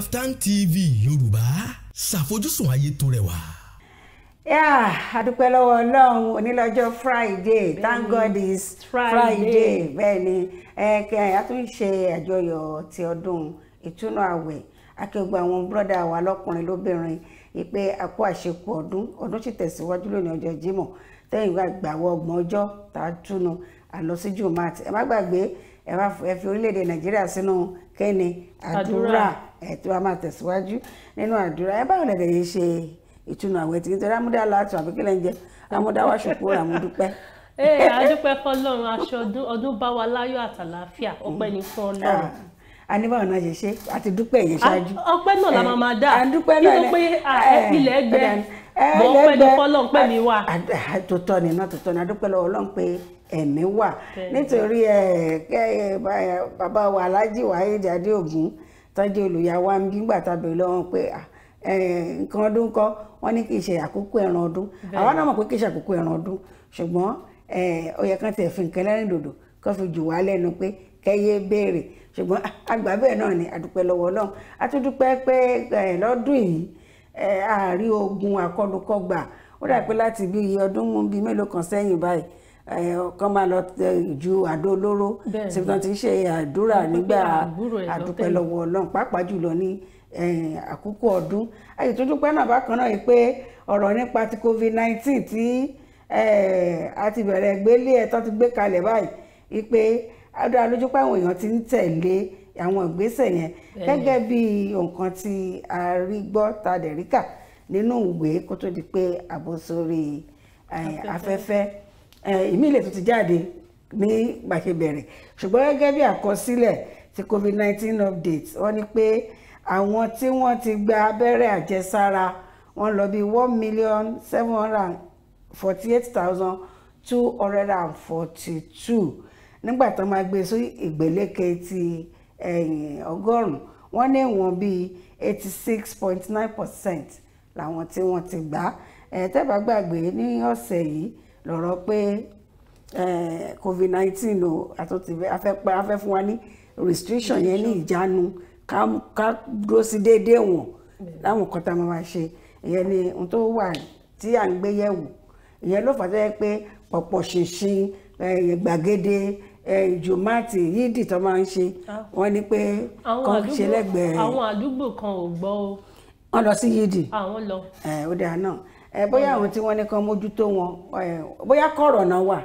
Kaftan TV Yorùbá ṣàfojúsùn ayé tó rẹwà. Yeah, adúpẹ́ lọ́wọ́ Ọlọ́run onílọ́jọ́ Friday mm-hmm. thank God is Friday bẹ́ẹ̀ ni ẹ̀ẹ́kẹ́ a tún ṣe àjọyọ̀ ti ọdún ìtúnú àwẹ̀ akẹ́gbọ́ àwọn búrọ́dà wa lọ́kùnrin lóbìnrin ìpè àpò àṣekù ọdún ọdún sì tẹ̀síwájú lónìí ọjọ́ Jímọ̀ tẹ́yìn gbàgbọ́ ọgbọ̀n ọjọ́ tá a túnu àlọ́síjú mat ẹ má gbàgbé ẹ wá ẹ fi orílẹ̀-èdè nàìjíríà sínú kẹ́ni àdúrà ẹ̀tọ́ a máa tẹ̀síwájú nínú àdúrà ẹ báwo lẹ́gẹ̀ẹ́ yìí ṣe ìtúnu àwẹ̀ tí nítorí amúdá látọ̀ àbí kílẹ̀ ń jẹ amúdá wá ṣòkó àmúdúpẹ́. ee àdúpẹ́ fọlọ́run aṣọ ọdún bá wa láyọ̀ àtàlàáfíà ọpẹ́ ni fún ọlọ́run ah, a ní báwọn náà ṣe ṣe àti dúpẹ́ yẹn ṣáájú. ọpẹ́ náà la eh, máa máa dá kí ló pé ah, eh, ilẹ̀ gbẹ mo pẹ́ ní fọ́lọ́n pé mi wà. àtòtọ́ ni náà tòtọ́ ni adúpẹ́ lọ́wọ́ Ọlọ́run pé ẹ̀mí wà nítorí bàbá wa Alhaji Waheed Adéògùn tọ́jú olùyàwó àmì gbígbà tàbí lọ́wọ́ pé nǹkan ọdún kọ́ wọ́n ní kì í ṣe àkókò ẹran ọdún àwọn bẹ́ẹ̀ náà àárí ogun àkọlùkọgbà ó dà pé láti bí iye ọdún mú bíi mélòó kan sẹ́yìn báyìí kan máa lọ ju àdó olóró síbi tí wọ́n ti ń ṣe àdúrà nígbà àdúpẹ́ lọ́wọ́ Ọlọ́run pàápàá jùlọ ní àkókò ọdún ayé tuntun pẹ́ náà bákan náà yìí pé ọ̀rọ̀ nípa ti covid nineteen tí a ti bẹ̀rẹ̀ gbélé ẹ̀ tó ti gbé kalẹ̀ báyìí yìí pé a dá pé àwọn èèyàn ti ń tẹ̀lé àwọn ìgbésẹ̀ yẹn gẹ́gẹ́ bí nǹkan tí a rí gbọ́ ta dẹ̀ rí kà nínú ìwé kó tó di pé àbò sórí afẹ́fẹ́ ìmí ilé tó ti jáde ní gbàṣẹ bẹ̀rẹ̀ ṣùgbọ́n gẹ́gẹ́ bí àkọsílẹ̀ ti covid-19 update wọ́n ní pé àwọn tí wọ́n ti gba abẹ́rẹ́ àjẹsára wọ́n lọ bí one million seven hundred and forty eight thousand two hundred and forty two nígbà tó máa gbé e sí ìgbéléke ti. So ọgọ́rùn-ún wọ́n ní ìwọ̀n bíi eighty six point nine percent làwọn tí wọ́n ti gbà tẹ́ bá gbàgbé ní ọ̀sẹ̀ yìí lọ́rọ̀ pé covid nineteen o afẹ́ fún wa ní restriction yẹn ní ìjánu ká dúró sí déédéé wọn láwọn kan tá a máa ṣe ìyẹn ni ohun tó wà tí à ń gbé yẹ̀wò ìyẹn ló fà á tó pé pọ̀pọ̀ ṣìnṣìn gbàgede jùmátì yídì tó máa ń ṣe ah. wọ́n ní pé kàn ṣe lẹ́gbẹ̀ẹ́. àwọn àdúgbò kan ò gbọ́ o. wọ́n lọ sí yídì. àwọn ah, lọ. ẹ ó dáa náà ẹ bóyá àwọn tí wọ́n ní kan mójútó wọn bóyá kọ̀rọ̀ náà wà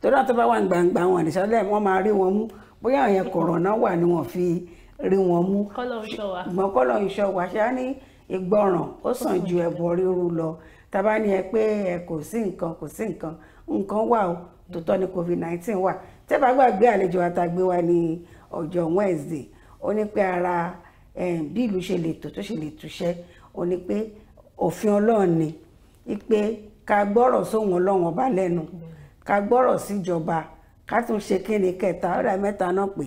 torí àwọn tó bá wà ní gbangba wọn àdìsálẹ̀ wọ́n máa rí wọn mú bóyá àwọn yẹn kọ̀rọ̀ náà wà ni wọ́n fi rí wọn mú. kọ́lọ̀ ń ṣọ́ wa. ìgbọ́n kọ́lọ̀ ń ṣọ́ wa ní ìgbọràn ó sàn ju ẹbọ rírú lọ tábà ní ẹ pé ẹ kò sí nǹkan kò sí nǹkan nǹkan wà o tòótọ́ ni covid nineteen wà tẹ́ bá gbàgbé àlejò àtàgbé wa ní ọjọ́ wednesday ó ní pé ara eh, bí ìlú ṣe lè tò tó ṣe lè túṣẹ́ ó ní pé òfin ọlọ́run ni wípé ká gbọ́rọ̀ sóhun ọlọ́run ọba lẹ́nu ká gbọ́rọ̀ síjọba ká tún ṣe kíni kẹta ọ̀dà mẹ́ta náà pé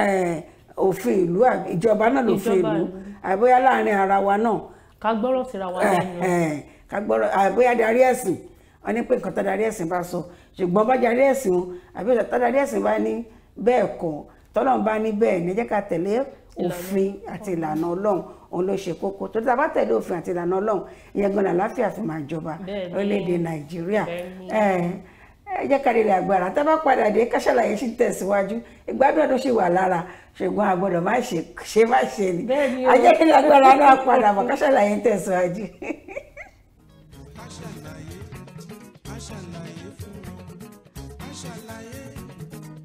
eh, òfin ìlú ìjọba náà lòfin ìlú àbóyá láàrin ara wa náà ká gbọ́rọ̀ síra wa lẹ́nu eh, ká gbọ́rọ̀ àgbéyà darí ẹ̀sìn wọn ní pé nǹkan tó darí ẹ̀sìn bá sọ ṣùgbọ́n bá darí ẹ̀sìn wọn àbí tó darí ẹ̀sìn bá ní bẹ́ẹ̀ kọ́ tọ́lọ́run bá ní bẹ́ẹ̀ ní jẹ́ ká tẹ̀lé òfin àti ìlànà ọlọ́run òun ló ṣe kókó tó tí a bá tẹ̀lé òfin àti ìlànà ọlọ́run ìyẹn gan-an àláfíà fi máa jọba orílẹ̀-èdè nàìjíríà ẹ jẹ́ ká lè agbára tá a bá padà dé ká ṣàlàyé sí tẹ̀síwájú ìgbádùn ọdún ṣì wà lára ṣùgbọ́n a gbọ́dọ̀ má ṣe má ṣe ni a jẹ́ kí lè agbára náà padà bọ̀ ká ṣàlàyé tẹ̀síwájú. ṣàlàyé a ṣàlàyé fún wọn a ṣàlàyé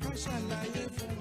a ṣàlàyé fún wọn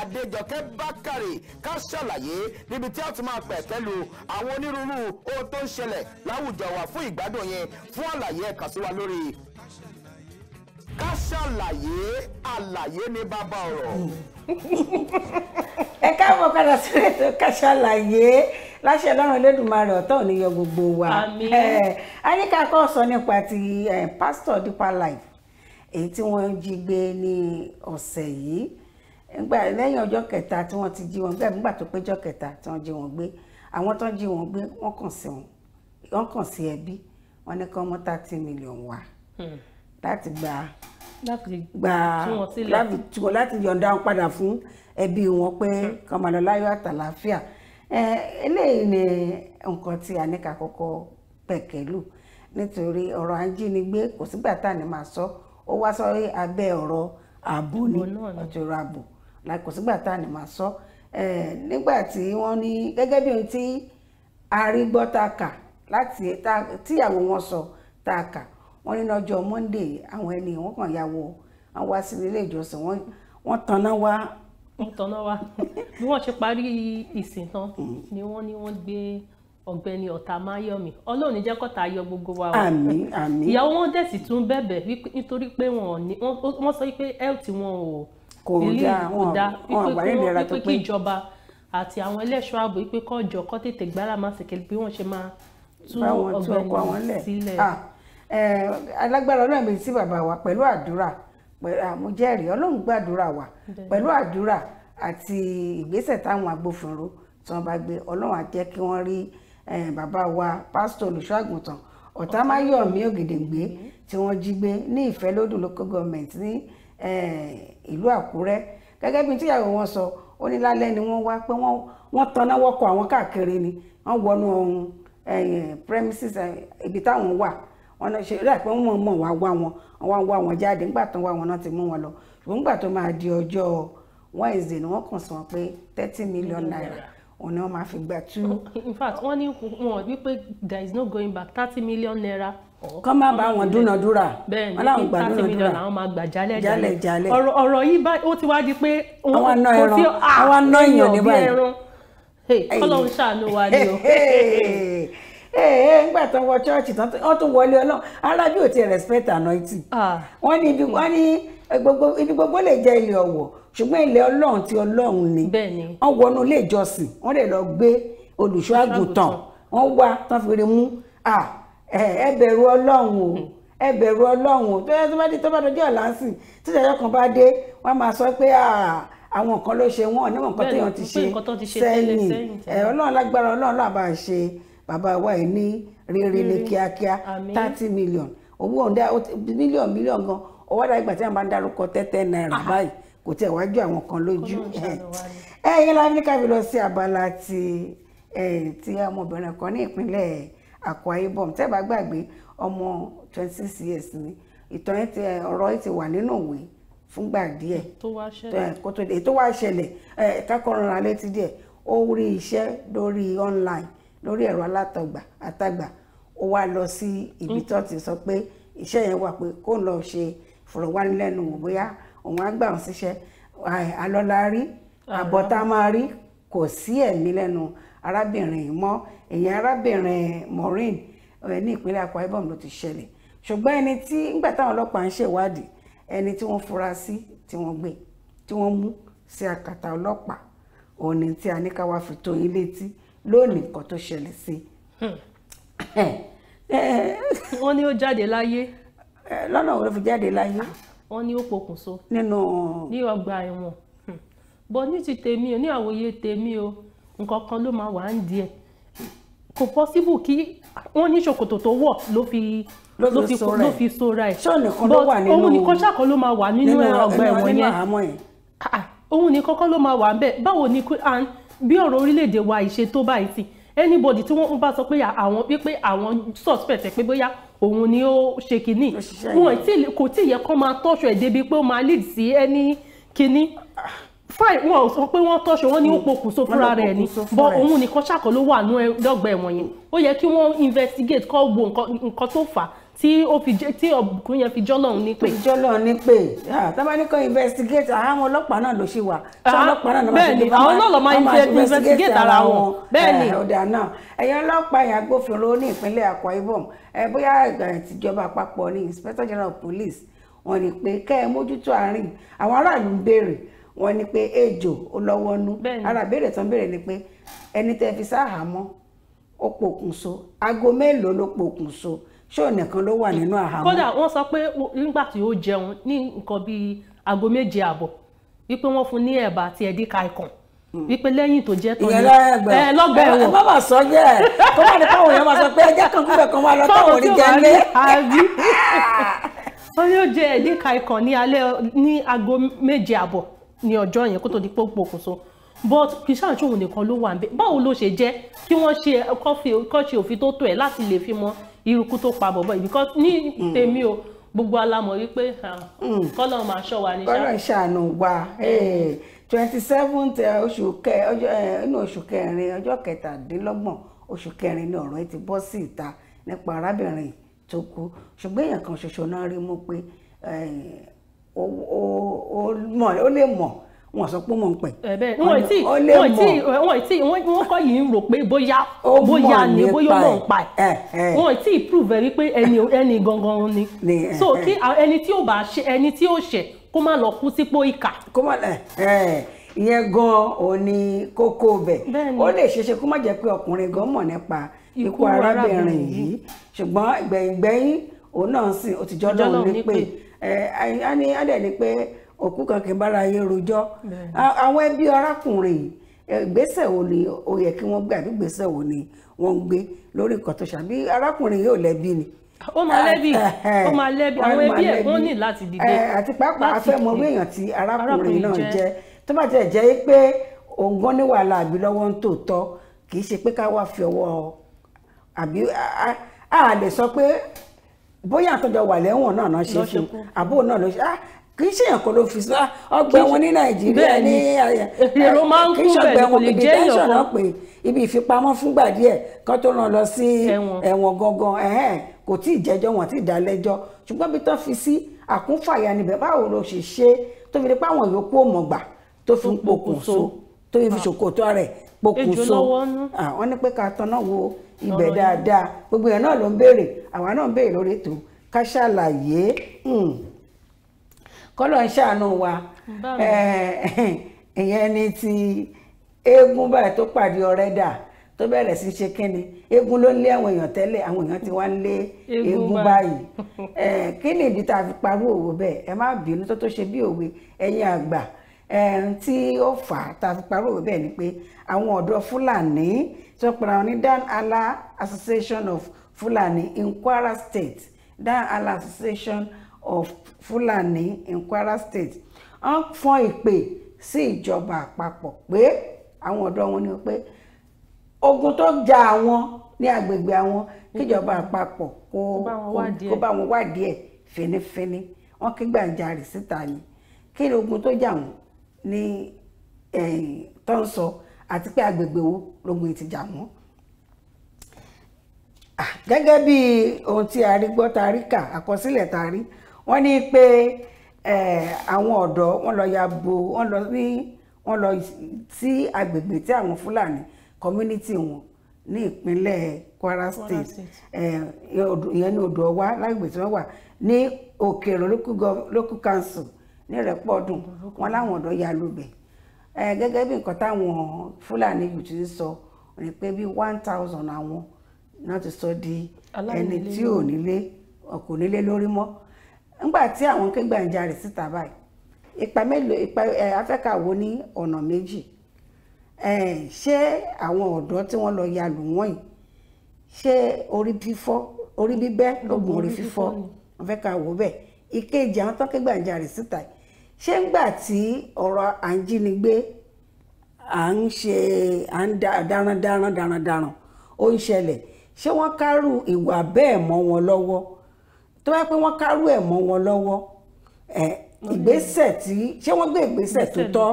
Adéjọkẹ́ Bákàrè ká ṣàlàyé níbi tí a ti máa pẹ̀ tẹ́lu àwọn onírúurú ohun tó ń ṣẹlẹ̀ láwùjọ wa fún ìgbádùn yẹn fún àlàyé ẹ kàn sí wa lórí ká ṣàlàyé àlàyé ní bàbá ọ̀rọ̀. ẹ káàbọ̀ padà sórí ètò ká ṣàlàyé láṣẹ ọlọ́run Elédùmarè ọ̀tọ̀ ò gbogbo wa. a ní sọ nípa ti pásítọ̀ Deeper Life èyí tí wọ́n jí gbé ní ọ̀sẹ̀ yìí ngbà lẹ́yìn ọjọ́ kẹta tí wọ́n ti jí wọn gbé nígbà tó péjọ́ kẹta tí wọ́n jí wọn gbé àwọn tó ń jí wọn gbé wọ́n kàn sí wọn wọ́n kàn sí ẹbí wọ́n ní kán mú thirty million wá hmm. láti gba gba láti yọ̀ǹda wọn padà fún ẹbí wọn pé hmm. kán máa lọ láyọ̀ àtàlàáfíà eléyìí ni nǹkan tí a ní ká kọ́kọ́ pẹ̀kẹ́lù nítorí ọ̀rọ̀ ajínigbé kò sígbà tá a ní máa sọ ó wá sọ abẹ́ ọ̀rọ̀ ààbò ni ọ̀tọ̀rọ̀ ààbò kò sígbà tá a ní máa sọ nígbà tí wọ́n ní gẹ́gẹ́ bí ohun tí arígbọ́ tá a kà láti tíyàwó wọn sọ tá a kà wọ́n ní lọ́jọ́ Monday àwọn ẹni wọ́n kàn ya wọ àwọn wá sí ilé ìjọsìn wọ́n tanná wá. wọ́n tanná wá bí wọ́n ṣe parí ìsìn tán mm. ni wọ́n ní wọ́n gbé ọ̀gbẹ́ni ọ̀tá máyọ̀mí ọlọ́run ní jẹ́ kọ́ta yọ gbogbo wa o àmín àmín ìyàwó wọn dẹ̀ sì tún bẹ̀bẹ̀ nítorí pé wọ́n sọ pé health wọn ò kò dá wọn wọn àgbà ìlera tó pé kí ìjọba àti àwọn ẹlẹ́ṣọ́ ààbò pé kọjọ kọ́ tètè gbára máa ṣèké bí wọ́n ṣe máa tú ọgbẹ́ni sílẹ̀. Ah, alágbára ọlọ́run mi sí bàbá wa pẹ̀lú àdúrà mo jẹ́rìí ọlọ́run gbàdúrà wa pẹ̀lú àdúrà àti ìgbésẹ̀ táwọn agbófinró tí wọ́n bá gbé ọlọ́run á kí wọ́n rí bàbá wa pásítọ̀ olùṣọ́àgùntàn ọ̀tá máyọ̀mí ògèdèǹgbé tí wọ́n jí gbé ní ìfẹ́lódùn local government ní Eh, ìlú àkúrẹ́ gẹ́gẹ́ bí tíyàwó wọn sọ ó ní lálẹ́ ni wọ́n wá pé wọ́n tanná wọ́kọ̀ àwọn káàkiri ni wọ́n wọnú ọ̀hún eh, premises eh, ibi táwọn wà wọ́n náà ṣe rẹ̀ pé wọ́n mọ̀ wá wá wọn wọ́n wá wọn jáde nígbà tó wá wọn náà ti mú wọn lọ ṣùgbọ́n nígbà tó máa di ọjọ́ Wednesday ni wọ́n kàn sọ pé thirty million naira òun ni wọ́n máa fi gbà tú. in fact wọ́n ní wọ́n wí there is no going back thirty million naira kọ́ máa bá wọn dúnadúrà wọn làwọn gbà dúnadúrà àwọn máa gbà jálẹ̀ jálẹ̀ ọ̀rọ̀ yìí bá ó ti wá di pé wọn kò tí ah, àwọn aná èèyàn ní báyìí ọlọ́run ṣàánú wa ni o. ńgbà tó ń wọ chọ́ọ̀chì tán wọ́n tún wọlé ọlọ́run arábí ò ti respect anointing ah. wọ́n ní ibi wọ́n ní eh, ibi gbogbo lè jẹ́ ilé ọ̀wọ̀ ṣùgbọ́n ilé ọlọ́run ti ọlọ́run ni wọ́n wọnú ilé ìjọsìn wọ́n lè lọ gbé olùṣọ́ àgùntàn wọ́n wá tán fi rí mú ah, ẹ bẹ̀rù ọlọ́run o hmm. ẹ bẹ̀rù ọlọ́run o tó yẹ tó bá dé tó bá dọjọ́ lásì tí ìdájọ́ kan bá dé wọ́n máa sọ pé àwọn nǹkan ló ṣe wọ́n níwọ̀n nǹkan téèyàn ti ṣe sẹ́yìn ọlọ́run lágbára ọlọ́run làbá ṣe bàbá wa ẹ̀ ní rere ní hmm. kíákíá thirty million owó ọ̀dà mílíọ̀n mílíọ̀n gan ọwọ́ dá ìgbà tí wọ́n bá ń darúkọ tẹ́tẹ́ náírà ah. báyìí kò tẹ̀ wájú àwọn kan lójú ẹ̀ ẹ̀yìn láfíríkà fi lọ sí abala ti ọmọbìnrin kan ní ìpínlẹ̀ Akwa Ibom tẹ́ bá gbàgbé ọmọ twenty six years ni ìtàn yẹn ti ọ̀rọ̀ yẹn ti wà nínú òwe fúngbà díẹ̀ tó wá ṣẹlẹ̀ kó tó dé tó wá ṣẹlẹ̀ kákọ́rọ̀ra létí díẹ̀ ó rí iṣẹ́ lórí online lórí ẹ̀rọ alátagbà àtagbà ó wá lọ sí ibi mm. tó ti sọ pé iṣẹ́ yẹn wà pé kó lọ ṣe fọ̀rọ̀wánilẹ́nuwò bóyá òun á gbà wọ́n síṣẹ́ àlọ́lá rí àbọ̀tá ah. máa rí kò sí ẹ̀mí lẹ́nu arábìnrin mọ́ ẹ̀yìn arábìnrin Maureen ní ìpínlẹ̀ Akwa Ibom ló ti ṣẹlẹ̀ ṣùgbọ́n ẹni tí ńgbà táwọn ọlọ́pàá ń ṣèwádìí ẹni tí wọ́n fura sí tí wọ́n gbé tí wọ́n mú sí akàtà ọlọ́pàá òun ni tí a ní ká wá fi tó yín létí lónìí nǹkan tó ṣẹlẹ̀ sí. Hmm. Eh, wọ́n ní ó jáde láyé. Eh, lọ́nà òun ló fi jáde láyé. wọ́n ní ó pokùnso. nínú. ní ọgbà ẹ̀wọ̀n hmm. bọ́ ní ti tèmi o ní àwòye tèmi o nǹkan kan ló máa wà ń di ẹ̀ kò possible kí wọ́n ní ṣòkòtò tó wọ̀ ló fi ló fi ló fi sora ẹ̀ but òun nìkan ṣàkọ́ ló máa wà nínú ọgbà ẹ̀wọ̀n yẹn ah, ah, òun nìkan kọ́ ló máa wà ń bẹ̀ báwo ni bí ọ̀rọ̀ orílẹ̀-èdè wa ìṣe tó báyìí sí anybody tí wọ́n bá sọ pé àwọn pé pé àwọn suspect pé bóyá òun ni ó ṣe kínní wọn kò tí ì yẹ kó máa tọ́ṣọ ẹ̀ débi pé ó máa lead sí ẹni kínní ah, fine wọn ò sọ pé wọ́n tọ́ṣe wọ́n ní ó hmm. pokùnso fúnra rẹ̀ ni bọ́ òun nìkan ṣàkó ló wà ní ọgbà ẹ̀wọ̀n yẹn ó yẹ kí wọ́n investigate kó wo nǹkan tó fà á tí ó fi jẹ tí ọkùnrin yẹn fi jọlọrun ní pé. jọlọrun ní pé tábà ní kò investigate àwọn ọlọ́pàá náà ló ṣe wà. Ah, ọlọ́pàá náà ló máa ṣe bẹ́ẹ̀ni àwọn náà ló máa investigate ara wọn bẹ́ẹ̀ni. Eh, ọ̀dà náà ẹ̀yin ọlọ́pàá yẹn agbófinró ní ìpínlẹ̀ Akwa Ibom ẹ eh, bóyá eh, ìjọba àpapọ̀ ní inspector general of police wọ́n ní pé kẹ́ ẹ mójútó àárín àwọn aráàlú ń béèrè wọn nipe pé ejò ó lọ́wọ́ nú ara ìbéèrè tán béèrè ni pé ẹni tẹ́ fi sáhàámọ́ ó pokùnso aago mélòó ló pokùnso ṣó nìkan ló wà nínú àhámọ́. kódà sọ pé nígbà tí ó jẹun ní nǹkan bíi aago méje àbọ̀ wípé fún ní ẹ̀bà àti ẹ̀díkà ikàn hmm. wípé lẹ́yìn tó jẹ́ tán ni ẹ lọ́gbà ẹ̀wọ̀n. ẹ má sọ yẹ ẹ kó má ní káwọn èèyàn máa sọ pé kan kúbẹ̀ kan lọ ní ọjọ́ yẹn kó tó di pé ó pokùnso but kì í ṣàǹtí òun nìkan ló wà ń bẹ báwo ló ṣe jẹ́ kí wọ́n ṣe kọ́ ṣe òfin tó tó ẹ̀ láti lè fi mọ irukú tó pa bọ̀bọ̀ yìí because ní tèmi o gbogbo alamọ̀ wípé mm. kọ́lọ̀ máa ṣọ́ wa ní ṣáà. kọ́lọ̀ ìṣàánú wa eh, twenty seven eh, oṣù kẹ ọjọ́ eh, inú oṣù kẹrin ọjọ́ kẹtàdínlọ́gbọ̀n oṣù kẹrin ni ọ̀rọ̀ ti bọ́ sí ìta nípa arábìnrin tó kú ṣùgbọ́n èèyàn kan ṣoṣo náà rí mú pé ó lè mọ̀ wọn sọ pé mò ń pè. ẹbẹ wọn ti wọn ti wọn ti wọn kọ yìí ń rò pé bóyá bóyá ni bóyá mò ń pa ẹ wọn ti prove rí pé ẹni ẹni gangan ni so kí ẹni tí ó bá ṣe ẹni tí ó ṣe kó má lọ kú sípò ìkà. kó má ẹ ẹ ìyẹn gan ò ní kókó bẹ ó lè ṣeéṣe kó má jẹ́ pé ọkùnrin gan mọ̀ nípa ikú arábìnrin yìí ṣùgbọ́n ìgbẹ̀yìngbẹ̀yìn òun náà sì ó ti jọ́ ní pé á ní á dẹ̀ ni pé òkú kan kì í bára yé rojọ́ àwọn ẹbí arákùnrin yìí ìgbésẹ̀ wo ni ó yẹ kí wọ́n gbé àbí ìgbésẹ̀ wo ni wọ́n ń gbé lórí nǹkan tó ṣàbí arákùnrin yóò lẹ́bí ni. ó máa lẹ́bí ó máa lẹ́bí àwọn ẹbí ẹ̀ wọ́n ní láti dìde. àti pàápàá a fẹ́ mọ bí èèyàn tí arákùnrin náà jẹ́ tó bá tiẹ̀ jẹ́ pé òun gan ní wàhálà àbí lọ́wọ́ ń tòótọ́ kì í ṣe pé ká wá fi ọwọ́ àbí a lè sọ pé bóyá àtọ́jọ wà lẹ́wọ̀n náà náà ṣe fún àbúrò náà ló ṣe ah kì í ṣèyàn kan ló fi sọ ọgbà wọn ní nàìjíríà ní eh, èrò eh, máa ń kú bẹ́ẹ̀ kò lè jẹ́ èèyàn kan pé ibi ìfipamọ́ fúngbà díẹ̀ kan tó ràn lọ sí ẹ̀wọ̀n gangan kò tí ì jẹ́jọ́ wọn tí ì dá lẹ́jọ́ ṣùgbọ́n bí tó fi sí àkúnfàyà níbẹ̀ báwo ló ṣe ṣe tó fi di pé àwọn yòókù ò mọ̀gbà tó fi ń pokùn so tó fi ah. ṣòkòtò rẹ̀ pokùnso àwọn ah, ní pé ká tanná wo ibẹ̀ dáadáa gbogbo èèyàn náà ló ń béèrè àwa náà ń béèrè lórí ètò ká ṣàlàyé hmm. kọ́lọ̀ ń ṣàánú wa eh, ìyẹn ni ti eégún báyìí tó pàdé ọ̀rẹ́ dà tó bẹ̀rẹ̀ sí ṣe kínni eégún ló ń lé àwọn èèyàn tẹ́lẹ̀ àwọn èèyàn ti wá ń lé eégún báyìí eh, kí ni ìdí tá a fi parú òwe bẹ́ẹ̀ ẹ má bínú tó tó ṣe bí òwe ẹ̀yin àgbà tí ó fà á tá a fi parí òwe bẹ́ẹ̀ ni pé àwọn ọ̀dọ́ Fúlàní tí wọ́n pera wọn ní Dan Allah Association of Fulani in Kwara State Dan Allah Association of Fulani in Kwara State wọ́n fọ́n ìpè sí ìjọba àpapọ̀ pé àwọn ọ̀dọ́ wọn ni pé ogun tó ja àwọn ní agbègbè àwọn kíjọba àpapọ̀ kó kó bá wọn wádìí ẹ̀ fínífíní wọn kígbàjarè síta ni kí ni ogun tó jà wọn ní eh, tó ń sọ àti pé agbègbè wo lógun ìtìjà wọn. Ah, gẹ́gẹ́ bí ohun tí a rí gbọ́ tá a rí kà àkọsílẹ̀ tá a rí wọ́n ní pé eh, àwọn ọ̀dọ́ wọ́n lọ ya bo wọ́n lọ ní wọ́n lọ sí agbègbè tí àwọn Fúlàní community wọn ní ìpínlẹ̀ Kwara State eh, ìyẹn ní odò ọwá lágbègbè tí wọ́n wà ní Òkèrò local council nírẹ̀pọ̀dùn wọn láwọn ọ̀dọ́ ya lóbẹ̀ gẹ́gẹ́ bí nǹkan táwọn fúlàní yìí ti sọ ni pé bí one thousand àwọn náà ti sọ di ẹni tí ò nílé kò nílé lórí mọ́ nígbà tí àwọn kẹ́gbàjarè síta báyìí ipa mélòó ipa afẹ́kàwó ní ọ̀nà méjì ṣé àwọn ọ̀dọ́ tí wọ́n lọ ya lù wọ́n yìí ṣé orí fífọ́ orí bíbẹ́ lóògùn orí fífọ́ afẹ́kàwó bẹ́ẹ̀ ìkejì àwọn tó kẹ́gbàjarè síta yìí ṣé ńgbà tí ọ̀rọ̀ à ń jínigbé à ń ṣe à ń darandaran darandaran ó ń ṣẹlẹ̀ ṣé wọ́n kárù ìwà bẹ́ẹ̀ mọ́ wọn lọ́wọ́ tó bá pẹ́ wọ́n kárù ẹ̀ mọ́ wọn lọ́wọ́ ìgbésẹ̀ tí ṣé wọ́n gbé ìgbésẹ̀ tó tọ́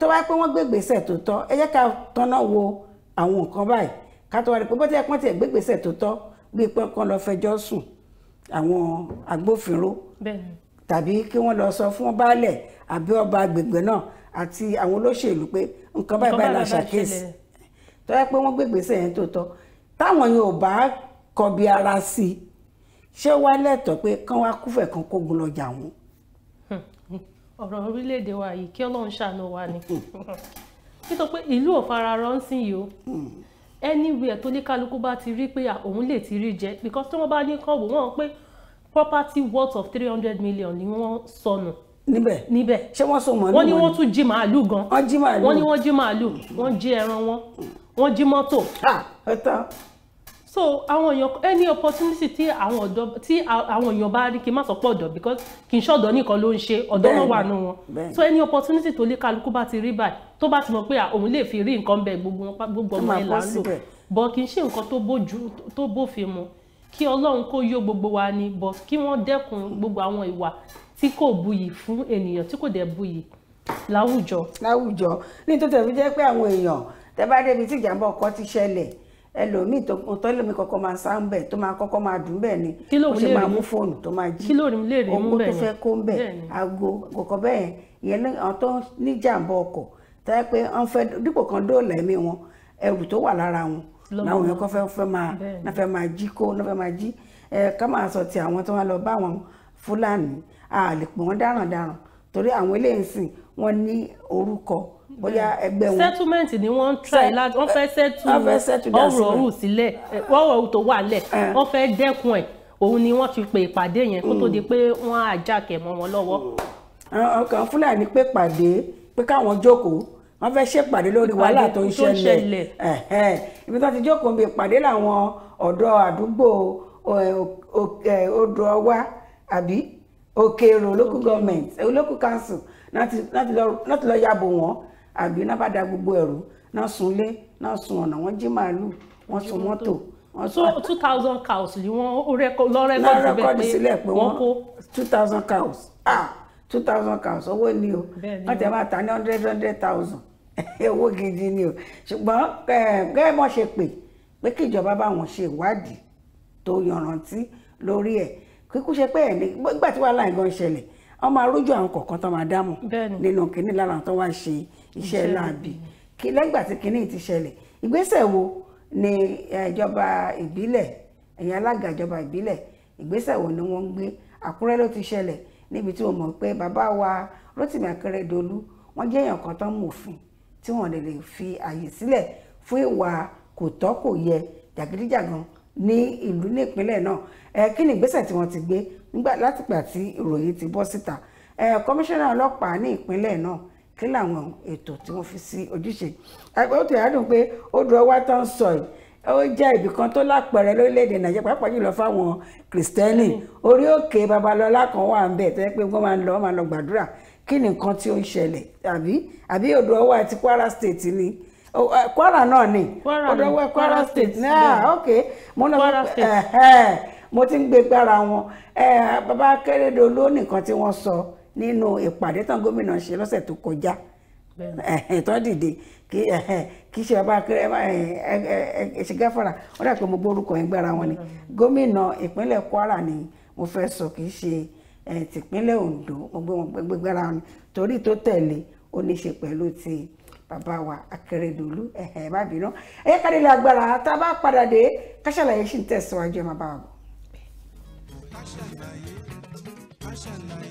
tó bá pẹ́ wọ́n gbé ìgbésẹ̀ tó tọ́ ẹ jẹ́ ká tọ́nà wo àwọn nǹkan báyìí ká tó wà ní pé bó tilẹ̀ pọ́n tiẹ̀ gbé ìgbésẹ̀ tó tọ́ bí pé kán lọ fẹjọ́ sùn àwọn agbófinró tàbí kí wọ́n lọ sọ fún baálẹ̀ àbí ọba agbègbè náà àti àwọn olóṣèlú pé nǹkan báyìí báyìí la ṣàkíyèsí tó yẹ pé wọ́n gbé ìgbésẹ̀ yẹn tó tọ́ táwọn yẹn ò bá kọbi ara sí i ṣé wàá lẹ́tọ̀ọ́ pé kán wá kúfẹ̀ kan kógun lọ́jà wọn. ọ̀rọ̀ orílẹ̀-èdè wa yìí kí ọlọ́run ṣàánú wa ni nítorí pé ìlú ò fara rọ́ǹsìn yìí o anywhere tó ní kálukú bá ti rí pé òun lè ti rí jẹ because tí wọ́n bá ní kàn wò wọ́n pé property worth of three hundred million ni wọ́n sọnù. níbẹ̀ níbẹ̀ ṣé wọ́n sọ màálù wọn ni wọ́n tún jí màálù gan wọ́n jí màálù wọ́n ni wọ́n jí màálù wọ́n jí ẹran wọn wọ́n jí mọ́tò. so àwọn èèyàn any opportunity tí àwọn ọ̀dọ́ tí àwọn èèyàn bá rí kí n má sọ pé ọ̀dọ́ because kì í ṣọ̀dọ́ nìkan ló ń ṣe ọ̀dọ́ náà wà nù wọn so any opportunity tó lé kálukú bá ti rí báyìí tó bá ti mọ̀ pé òun lè fi rí nǹkan bẹ́ẹ̀ gbogbo ọmọ ẹ̀ là ń lò bọ̀ kì í ṣe nǹkan tó bófin mu kí ọlọ́run kó yó gbogbo wa ni but kí wọ́n dẹ́kun gbogbo àwọn ìwà tí kò buyì fún ènìyàn tí kò dẹ̀ buyì láwùjọ. láwùjọ ní tó tẹ̀lé jẹ́ pé àwọn èèyàn tẹ́ bá débi tí ìjàmbá ọkọ̀ ti ṣẹlẹ̀ ẹlòmíì tó tó lèmi kọ́kọ́ máa sá ń bẹ̀ tó máa kọ́kọ́ máa dùn bẹ́ẹ̀ ni kí ló ṣe máa mú fóònù tó máa jí owó tó fẹ́ kó ń bẹ̀ aago kòkó bẹ́ẹ̀ yẹn àwọn tó ní ìjàmbá ọkọ̀ tẹ́ pé wọ́n fẹ́ dípò kan dóòlà ẹ̀mí wọn ẹrù tó wà lára wọn láwọn èèyàn kan fẹ́ fẹ́ máa náà fẹ́ máa jí kó náà fẹ́ máa jí ká máa sọ ti àwọn tó wá lọ bá àwọn fúlàní a lè pè wọ́n torí àwọn eléyìí sìn wọ́n ní orúkọ bóyá ẹgbẹ́ wọn. settlement ni wọ́n ń try láti wọ́n fẹ́ eh, settle ọ̀rọ̀ ọ̀rù sílẹ̀ ọ̀rọ̀ eh, ọ̀rù tó wà lẹ̀ eh. wọ́n fẹ́ dẹ́kun ẹ̀ òun ni wọ́n fi pe ìpàdé yẹn kó tó hmm. di pé wọ́n á jákè mọ́ wọn lọ́wọ́. ọkàn fúlàní pé pàdé pé káwọn jókòó wọ́n fẹ́ ṣèpàdé lórí wàhálà tó ń ṣẹlẹ̀ ibi tó ti jókòó bí ìpàdé làwọn ọ̀dọ́ àdúgbò e, e, odò ọwá àbí òkèèrò local government e, local council láti lọ yàbò wọn àbí náà bá da gbogbo ẹ̀rú náà sunlé náà sun ọ̀nà wọ́n jí màálù wọ́n sun mọ́tò so two thousand cows ni wọn lọ rẹkọdì sílẹ̀ pé wọ́n kó two thousand cows ah two thousand cows owó ni o wọ́n tẹ máa ta ní hundred hundred thousand owó gidi ni o ṣùgbọ́n eh, gẹ́gẹ́ bọ́n ṣe pè pé kí ìjọba bá wọn ṣe ìwádìí tó yanrantí lórí ẹ̀ kíkú ṣe pé ẹ̀mí gbígbà tí wàhálà ìgbọ́n ṣẹlẹ̀ wọ́n máa rójú àwọn kọ̀ọ̀kan tó máa dámọ̀ nínú kínní lára tó wá ṣe iṣẹ́ láàbì kí lẹ́gbà tí kínní ti ṣẹlẹ̀ ìgbésẹ̀ wo ni eh, ìjọba ìbílẹ̀ ẹ̀yin alága ìjọba ìbílẹ̀ ìgbésẹ̀ wo ni wọ́n ń gbé Àkúrẹ́ ló ti ṣẹlẹ̀ níbi tí o mọ̀ pé bàbá wa Rótìmí Akérédolú wọ́n jẹ́ èèyàn kan tó ń mòfin tí wọ́n lè fi àyè sílẹ̀ fún ìwà kò tọ́ kò yẹ jàgídíjàgan ní ìlú nípínlẹ̀ náà ẹ kí ni ìgbésẹ̀ tí wọ́n ti gbé nígbà látìgbà tí ìròyìn ti bọ́ síta ẹ kọmíṣánná ọlọ́pàá ní ìpínlẹ̀ náà kí làwọn ètò tí wọ́n fi sí ojúṣe àgbẹ̀ ó ti àádùn pé ó dúró wá tán sọ yìí ó jẹ́ ibìkan tó lápẹẹrẹ lórílẹ̀‐èdè nàìjíríà pàápàá jùlọ fáwọn kìrìsìtẹ́nì mm. orí òkè babalọ́lá kan wà ń bẹ̀ tó pé wọ́n máa ń lọ máa lọ gbàdúrà kí ni nǹkan tí ó ń ṣẹlẹ̀ àbí àbí odò ọwọ́ àti Kwara State ni Kwara náà ni odò ọwọ́ Kwara State ni ah ok mo lọ eh, eh, mo ti ń gbé gbára wọn eh, bàbá Akérédolú nìkan tí wọ́n sọ nínú ìpàdé tán gómìnà ṣe lọ́sẹ̀ tó kọjá tó dìde kí kí ṣe bàbá ṣe gáfàrà wọ́n dà pé mo gbórúkọ yẹn gbára wọn ni gómìnà ìpínlẹ̀ Kwara ni mo fẹ́ sọ kì í ṣe tìpínlẹ̀ Ondo mo gbé wọn gbẹgbẹ́ra wọn torí tó tẹ̀lé ó ní ṣe pẹ̀lú ti bàbá wa Akérédolú ẹ̀hẹ̀ má bínú ẹ̀yẹ́ kádìlé agbára tá a bá padà dé Ká Sálàyé ń tẹ̀síwájú ẹ̀ má bá wa bọ̀. Ká Sálàyé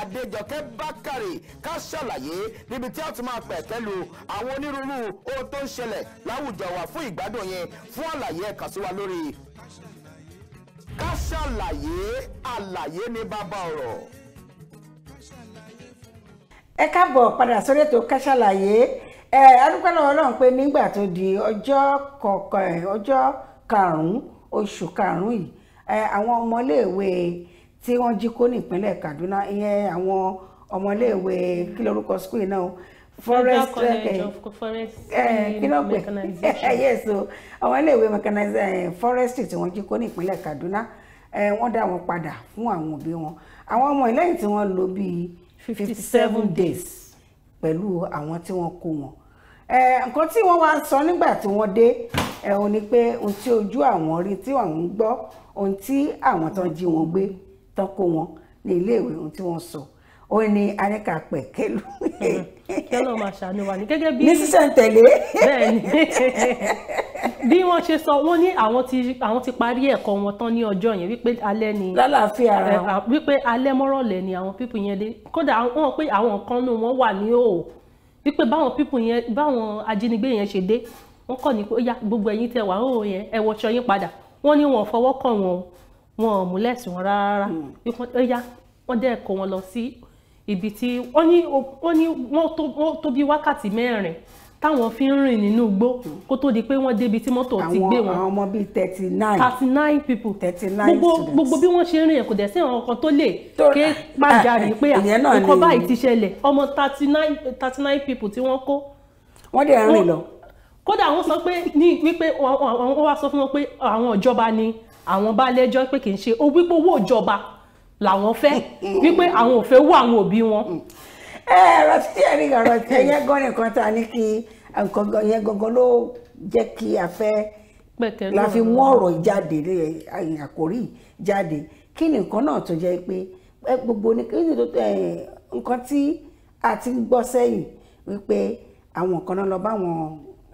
Adéjọkẹ́ Bákàrè ká ṣàlàyé níbi tí a ti máa pẹ̀kẹ́ lu àwọn onírúurú ohun tó ń ṣẹlẹ̀ láwùjọ wa fún ìgbádùn yẹn fún àlàyé ẹ sí wa lórí ká ṣàlàyé àlàyé ní bàbá ọ̀rọ̀. ẹ káàbọ̀ padà sórí ètò ká ṣàlàyé adúpẹ́ lọ́wọ́ Ọlọ́run pé nígbà tó di ọjọ́ kọ̀ọ̀kan ọjọ́ karùn-ún oṣù karùn-ún yìí àwọn ọmọléèwé tí wọ́n jí kó ní Kaduna ìyẹn àwọn ọmọléèwé kí lórúkọ school náà forest eh, eh, eh, kílọ̀pẹ̀ yes o ọmọléèwé forestry tí wọ́n jí kó ní Kaduna wọ́n dá wọn padà fún àwọn òbí wọn àwọn ọmọ ìlẹ́yìn tí wọ́n lò bíi fifty seven days pẹ̀lú àwọn tí wọ́n kó wọn nǹkan tí wọ́n wá sọ nígbà tí wọ́n dé ẹ̀ ò ní pé ohun tí ojú àwọn rí tí àwọn ń gbọ́ ohun tí àwọn tó jí wọn gbé tán kó wọn ní iléèwé ohun tí wọ́n sọ ó ní aríkàpẹ̀ kẹlú. kẹlọ máa ṣàánú wa ní gẹ́gẹ́ bí. ní sísẹ̀ntẹ̀lé. bẹ́ẹ̀ni bí wọ́n ṣe sọ wọ́n ní àwọn ti àwọn ti parí ẹ̀kọ́ wọn tán ní ọjọ́ yẹn wípé alẹ́ ni. lálàáfíà ara wípé alẹ́ mọ́rọ̀lẹ́ ni àwọn pípù yẹn dé kódà wọ́n pé àwọn kan nù wọ́n wà ní òò wípé báwọn pípù yẹn báwọn ajínigbé yẹn ṣe dé wọ́n kọ̀ ní pé ó yá gbogbo ẹ̀yin tẹ wà ó yẹn ẹ wọṣọ yín padà wọ́n ní wọ́n fọwọ́ kàn wọ́n wọn ò mú lẹ́sùn rárá hmm. ó wọ́n dẹ̀ kó wọn lọ sí ibi tí wọ́n ní wọ́n tó wákàtí mẹ́rin táwọn fi ń rìn nínú igbó hmm. kó tó di pé wọ́n débi tí mọ́tò ti gbé wọn àwọn ọmọ bíi thirty nine thirty nine people thirty nine students gbogbo bí wọ́n ṣe ń rìn yẹn kò dẹ̀ sí àwọn kan tó lè ké pàjáde ah, eh, pé ah, nǹkan báyìí ti ṣẹlẹ̀ ọmọ thirty nine thirty nine people tí wọ́n kó. wọ́n dẹ̀ rìn lọ. kódà wọ́n sọ pé ní wípé wọ́n wá sọ fún wọn pé àwọn ìjọba ni àwọn bá lẹ́jọ́ pé kì í ṣe wípé owó ìjọba làwọn fẹ́ wípé àwọn ò fẹ́ wọ àwọn òbí wọn. ẹ ọ̀rọ̀ tí ẹ rí ọ̀rọ̀ tí ẹ yẹn gan nìkan tá a ní kí nǹkan yẹn gangan ló jẹ́ kí a fẹ́ la fi mú ọ̀rọ̀ jáde àkórí jáde kí ni nǹkan náà tó jẹ́ pé gbogbo nǹkan tí a ti ń gbọ́ sẹ́yìn wípé àwọn kan náà lọ bá àwọn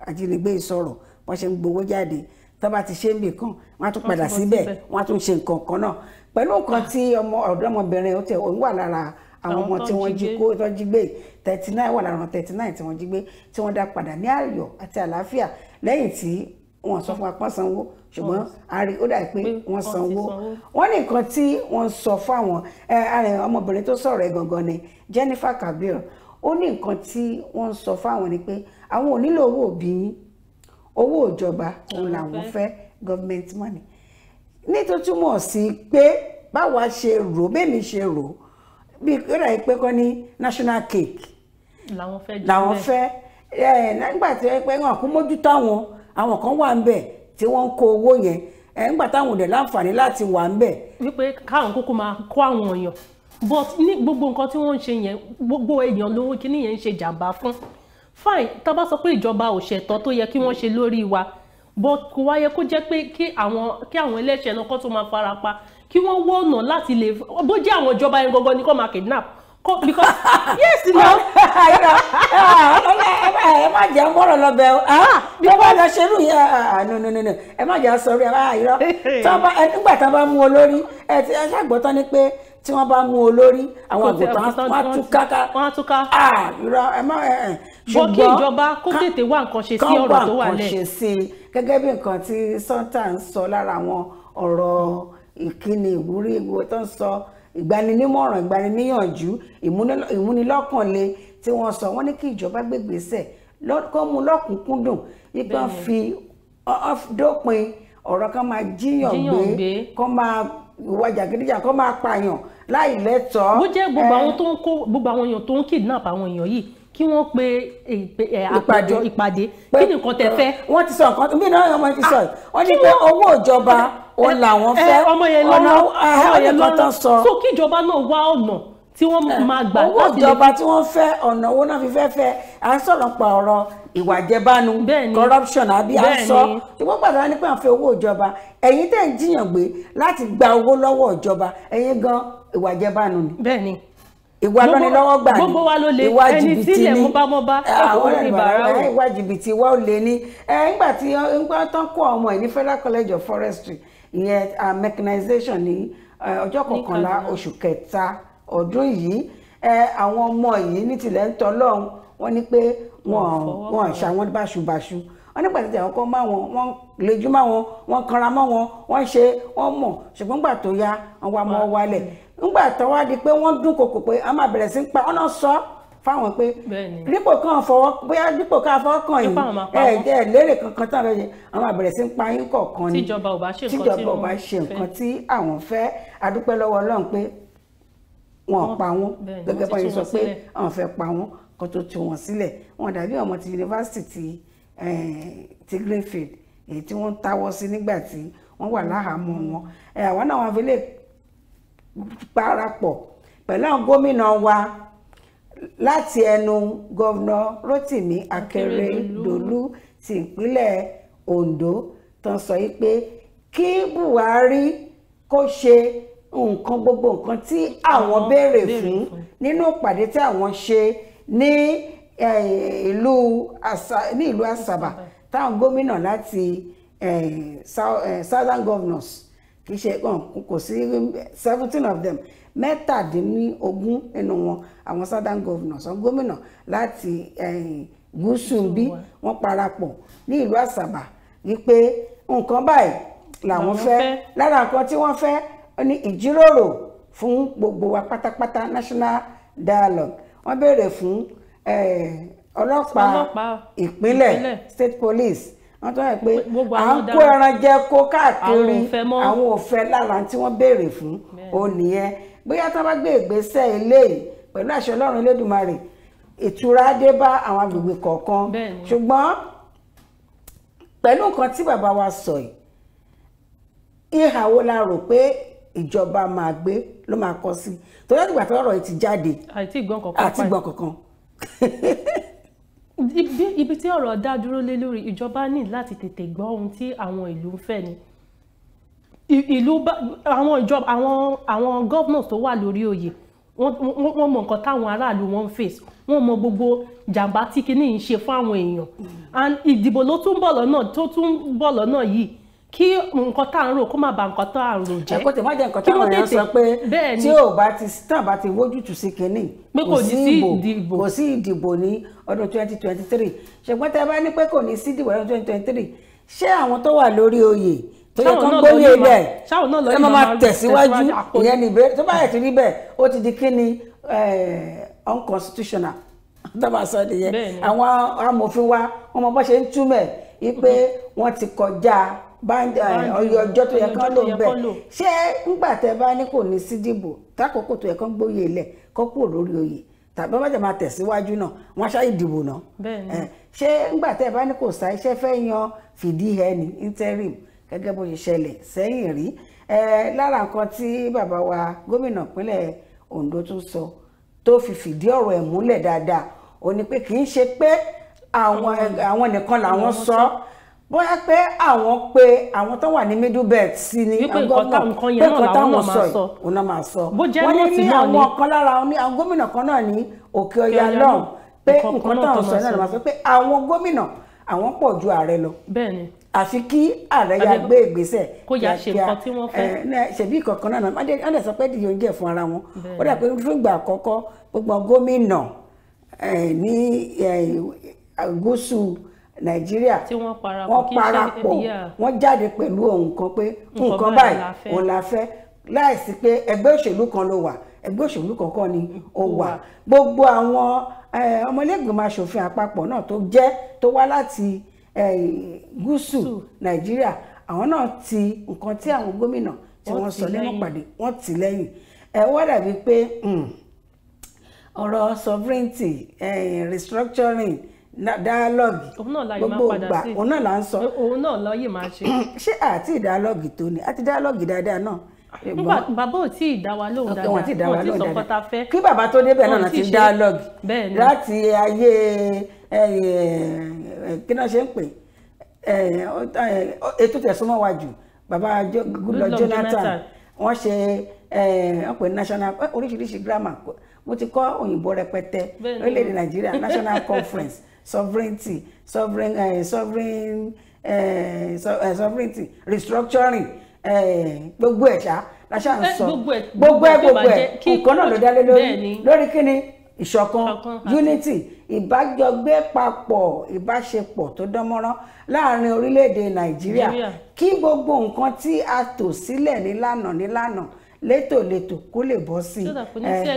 ajínigbé sọ̀rọ̀ wọ́n ṣe ń gbowó jáde tó bá ti ṣe ń bì kan wọ́n á tún padà síbẹ̀ wọ́n á tún ṣe nǹkan kan náà pẹ̀lú nǹkan tí ọmọ ọ̀dọ́mọbìnrin ó tẹ̀ òun wà lára àwọn ọmọ tí wọ́n jí kó tó jí gbé thirty nine wà lára thirty nine tí wọ́n jí gbé tí wọ́n dá padà ní ayọ̀ àti àlàáfíà lẹ́yìn tí wọ́n sọ fún apá sanwó ṣùgbọ́n a rí ó dàbí pé wọ́n sanwó wọ́n ní nǹkan tí wọ́n sọ fún àwọn ọmọbìnrin tó sọ̀rọ̀ ẹ̀ gangan ni Jennifer Cabrio. ó ní nǹkan tí wọ́n sọ fún àwọn ni pé àwọn ò nílò owó òbí yín owó ìjọba òun làwọn fẹ́ government money ní tó túmọ̀ sí pé báwa ṣe rò bẹ́ẹ̀mi ṣe rò bí rẹ̀ pé kọ́ ní national cake làwọn fẹ́ nígbà tí wọ́n pẹ́ wọn kò mójútó àwọn àwọn kan wà ń bẹ̀ tí wọ́n ń kó owó yẹn nígbà táwọn òdẹ̀ láǹfààní láti wà ń bẹ̀. wípé káwọn kúkú máa kó àwọn èèyàn but ní gbogbo nǹkan tí wọ́n ń ṣe yẹn gbogbo èèyàn lówó kíní yẹn ń ṣe jàǹbá fún fine tá a bá sọ pé ìjọba ò ṣẹ̀tọ́ tó yẹ kí wọ́n ṣe lórí wa but kò wáyé kó jẹ́ pé kí àwọn kí àwọn ẹlẹ́ṣẹ̀ náà kó tó máa fara pa kí wọ́n wọ́ ọ̀nà láti lè bó jẹ́ àwọn ìjọba yẹn gangan ni kó máa kidnap kó because yes na. Ah, ẹ má jẹ́ mọ́rọ̀ lọ́bẹ̀ o ah, ah. bí wọ́n bá lọ ṣe irú yẹn no no no ẹ má jẹ́ sọrí ẹ má irọ́ nígbà tí wọ́n bá mú olórí ẹ ti ẹ ṣàgbọ́tán ni pé tí wọ́n bá mú olórí àwọn àgùntàn wọ́n á túká ká irọ́ ẹ má ẹ ṣùgbọ́n kí ìjọba kó tètè wá nǹkan ṣe sí ọ̀rọ̀ tó wà lẹ̀. gẹ́gẹ́ bí nǹkan tí sọ́ńtà ń sọ lára àwọn ọ̀rọ̀ ìkíni ìwúrí ìwò tó ń sọ ìgbaninímọ̀ràn ìgbaniníyànjú ìmúnilọ́kànle tí wọ́n sọ wọ́n ní kí ìjọba gbégbèsè kó mú lọ́kùnkúndùn yípa fi dópin ọ̀rọ̀ kan máa jíyàn gbé kó máa ìwà jàgídíjà kó máa pààyàn láì lẹ́tọ̀ọ́. bó jẹ́ gbogbo àwọn tó ń kó gbogbo àwọn èèyàn tó ń kidnap àwọn èèyàn yìí kí wọ́n pe e, e, àpéjọ ìpàdé kí nìkan tẹ uh, fẹ́. wọ́n ti sọ nǹkan mí náà wọ́n ti sọ ah, yìí wọ́n ní pé owó ìjọba eh, òun eh, làwọn fẹ́ eh, ọmọ yẹn lọ́nà ọmọ yẹn lọ́nà so kí ìjọba náà wá ọ̀nà tí wọ́n máa gbà láti lè. owó ìjọba tí wọ́n fẹ́ ọ̀nà owó náà fi fẹ́ fẹ́ à ń sọ̀rọ̀ pa ọ̀rọ̀ ìwà ìjẹbánu corruption àbí à ń sọ ìwọ́n gbàdúrà ní pé à ń fẹ́ owó ìjọba ẹ̀yin tẹ̀ ń jiyàn gbé láti gba owó lọ́wọ́ ìjọba ẹ̀yin gan ìwà ìjẹbánu ni. bẹ́ẹ̀ni ìwà lọ́nilọ́wọ́ gbà ní ìwà jìbìtì ní àwọn ìbára ìwà jìbìtì ìwà olè ní nígbà tí nígbà tán kó ọmọ ẹ̀ ní Federal College of Forestry ìyẹn uh, mechanization ní ọjọ́ kọkànlá oṣù kẹta ọdún yìí àwọn ọmọ yìí ní tilẹ̀ ń tọ́ lọ́hùn wọ́n ní pé wọ́n wọ́n ṣàwọn báṣubàṣu wọ́n nígbà tí àwọn kan máa wọn wọ́n lejú máa wọn wọ́n kanra mọ́ wọn wọ́n ṣe wọ́n mọ̀ ṣùgbọ́n gbà tó yá wọ́n wá mọ́ wálẹ̀ ńgbà tó wá di pé wọ́n dún kòkò pé a máa bẹ̀rẹ̀ sí ń pa ọ̀nà sọ fáwọn pé dípò kan fọwọ́ bóyá dípò ká fọwọ́ kàn yín ẹ ẹ lérè kankan tán lọ́yẹ a máa bẹ̀rẹ̀ sí ń pa yín kọ̀ọ̀kan ni tíjọba ò bá ṣe nǹkan tí àwọn fẹ́ a dúpẹ́ lọ́wọ́ Ọlọ́run pé wọn ò pa wọn gẹ́gẹ́ bá yín sọ pé àwọn fẹ́ pa wọn kan tó tú wọn sílẹ̀ wọn dàbí ọmọ ti yunifásitì ti ti Greenfield èyí tí wọ́n ń táwọ́ sí nígbà tí wọ́n wà láhàámọ́ wọn àwọn náà wọn fi lè parapọ̀ pẹ̀lú àwọn gómìnà wa láti ẹnu gọ́vnà Rotimi Akeredolu ti ìpínlẹ̀ Ondo tán sọ yìí pé kí Buhari kó ṣe nǹkan gbogbo nǹkan tí àwọn béèrè fún nínú ìpàdé tí àwọn ṣe ní ìlú ní ìlú Asaba táwọn gómìnà láti southern governors kì í ṣe kò sí seventeen of them mẹ́tàdínlógún nínú wọn àwọn southern governors àwọn gómìnà láti eh, gúúsù bí wọ́n parapọ̀ ní ìlú àsàbà wípé nǹkan báyìí làwọn fẹ́ lára nǹkan tí wọ́n fẹ́ ní ìjíròrò fún gbogbo wa pátápátá national dialogue wọ́n béèrè fún eh, ọlọ́pàá ìpínlẹ̀ state police wọ́n tó yẹ pé à ń kó ẹran jẹ kó káàkiri àwọn òfẹ́ lára tí wọ́n béèrè fún òun nìyẹn bóyá tá a bá gbé ìgbésẹ̀ eléyìí pẹ̀lú àṣẹ ọlọ́run elédùnmarè ìtura dé bá àwọn agbègbè kọ̀ọ̀kan ṣùgbọ́n pẹ̀lú nǹkan tí bàbá wa sọ yìí ìhà wo la rò pé ìjọba máa gbé ló máa kọ sí torí àtìgbà tó ọ̀rọ̀ yìí ti jáde àti gbọ́n kankan ibi tí ọ̀rọ̀ dá dúró lé lórí ìjọba ní láti tètè gbọ́ ohun tí àwọn ìlú ń fẹ́ ni ìlú àwọn ìjọba àwọn àwọn governors tó wà lórí oyè wọ́n mọ nǹkan táwọn aráàlú wọn ń face wọ́n mọ gbogbo jàǹbá tí kinní ń ṣe fún àwọn èèyàn and ìdìbò ló tún bọ̀ lọ́nà tó tún bọ̀ lọ́nà yìí kí nǹkan tá à ń rò kó má bà nǹkan tá à ń rò jẹ́. ẹ̀kọ́ tẹ̀ má jẹ́ nǹkan táwọn èèyàn sọ pé tí ò bá ti tàn bá ti wójútùú sí kínní kò sí ìdìbò kò sí ìdìbò ní ọdún twenty twenty three ṣùgbọ́n tẹ́ bá ní pé kò ní sí ìdìbò ọdún twenty twenty three ṣé àwọn tó wà lórí oyè tó yẹ kán gbóyè bẹ́ẹ̀ ẹ máa tẹ̀síwájú ìyẹn ní ìbéèrè tó bá yẹ ti rí bẹ́ẹ̀ ó ti di kí ni eh, unconstitutional tó bá sọ nìyẹn àwọn amòfin wa wọn mọ bó ṣe ń túmẹ̀ wípé mm-hmm. wọ́n ti kọjá ọyọ eh, ọjọ́ tó yẹ kán lò ń bẹ̀ ṣé ńgbà tẹ bá ní kò ní sídìbò tákòókò tó yẹ kán gbóyè lẹ̀ kán kúrò lórí oyè tàbí wọ́n bá jẹ́ máa tẹ̀síwájú náà wọ́n ṣáà ìdìbò náà eh, ṣé ńgbà tẹ bá ní kò sá iṣẹ́ fẹ́ yan fìdí ẹni interim gẹ́gẹ́ bó ṣe ṣẹlẹ̀ sẹ́yìn rí eh, lára nǹkan tí bàbá wa gómìnà ìpínlẹ̀ Ondo tún sọ tó fi fìdí ọ̀rọ̀ ẹ̀ múlẹ̀ dáadáa ó ní pé kì í ṣe pé àwọn nìkan làwọn sọ bóyá pé àwọn pé àwọn tó wà ní middle belt sí ni àwọn pé nǹkan táwọn sọ yìí òun náà máa sọ wọ́n ní ní àwọn kan lára àwọn gómìnà kan náà ní òkè ọ̀yà lọ́hùn pé nǹkan táwọn sọ náà máa sọ pé àwọn gómìnà àwọn pọ̀ ju ààrẹ lọ àfi kí ààrẹ ya gbé ìgbésẹ̀ kíákíá ṣèbí kankan náà wọ́n dẹ̀ sọ pé dìde oúnjẹ fún ara wọn ó dà pé fúngbà àkọ́kọ́ gbogbo gómìnà ní gúúsù nàìjíríà wọ́n parapọ̀ wọ́n jáde pẹ̀lú ohun kan pé nǹkan báyìí òun la fẹ́ láìsí pé ẹgbẹ́ òṣèlú kan ló wà ẹgbẹ́ òṣèlú kọ̀ọ̀kan ni ó wà gbogbo àwọn ọmọlẹ́gbẹ̀mọ̀ aṣòfin àpapọ̀ náà tó jẹ́ tó wá láti gúúsù nàìjíríà àwọn náà ti nǹkan tí àwọn gómìnà tí wọ́n sọ nínú pàdé wọ́n tì lẹ́yìn ẹ wá dàbí pé hmm, ọ̀rọ̀ sovereignty restructuring dialogue gbogbo ìgbà òun náà là ń sọ òun náà lọ yìí máa ṣe. ṣé àti dialogue tó ni àti dialogue dáadáa náà nígbà bàbá ò tí ì dá wa lóhùn dáadáa wọn ti dá wa lóhùn dáadáa kí bàbá tó débẹ̀ náà ti dialogue láti ayé kí náà ṣe ń pè ètò tẹ̀sánmọ́ wa jù bàbá Goodluck Jonathan wọ́n ṣe wọ́n pè national oríṣiríṣi grammar mo ti kọ́ òyìnbó rẹpẹtẹ orílẹ̀-èdè Nàìjíríà national conference sovereignty sovereign uh, sovereign uh, so, uh, sovereignty restructuring gbogbo ẹ̀ ṣá la ṣáà ń sọ gbogbo ẹ̀ gbogbo ẹ̀ nǹkan náà ló dá lé lórí lórí kíni ìṣọ̀kan unity ìbájọgbé papọ̀ ìbáṣepọ̀ tó dánmọ́rán láàrin orílẹ̀-èdè nàìjíríà kí gbogbo nǹkan tí a tò sílẹ̀ nílànà nílànà létòlétò kó lè bọ́ sí i kò ní sí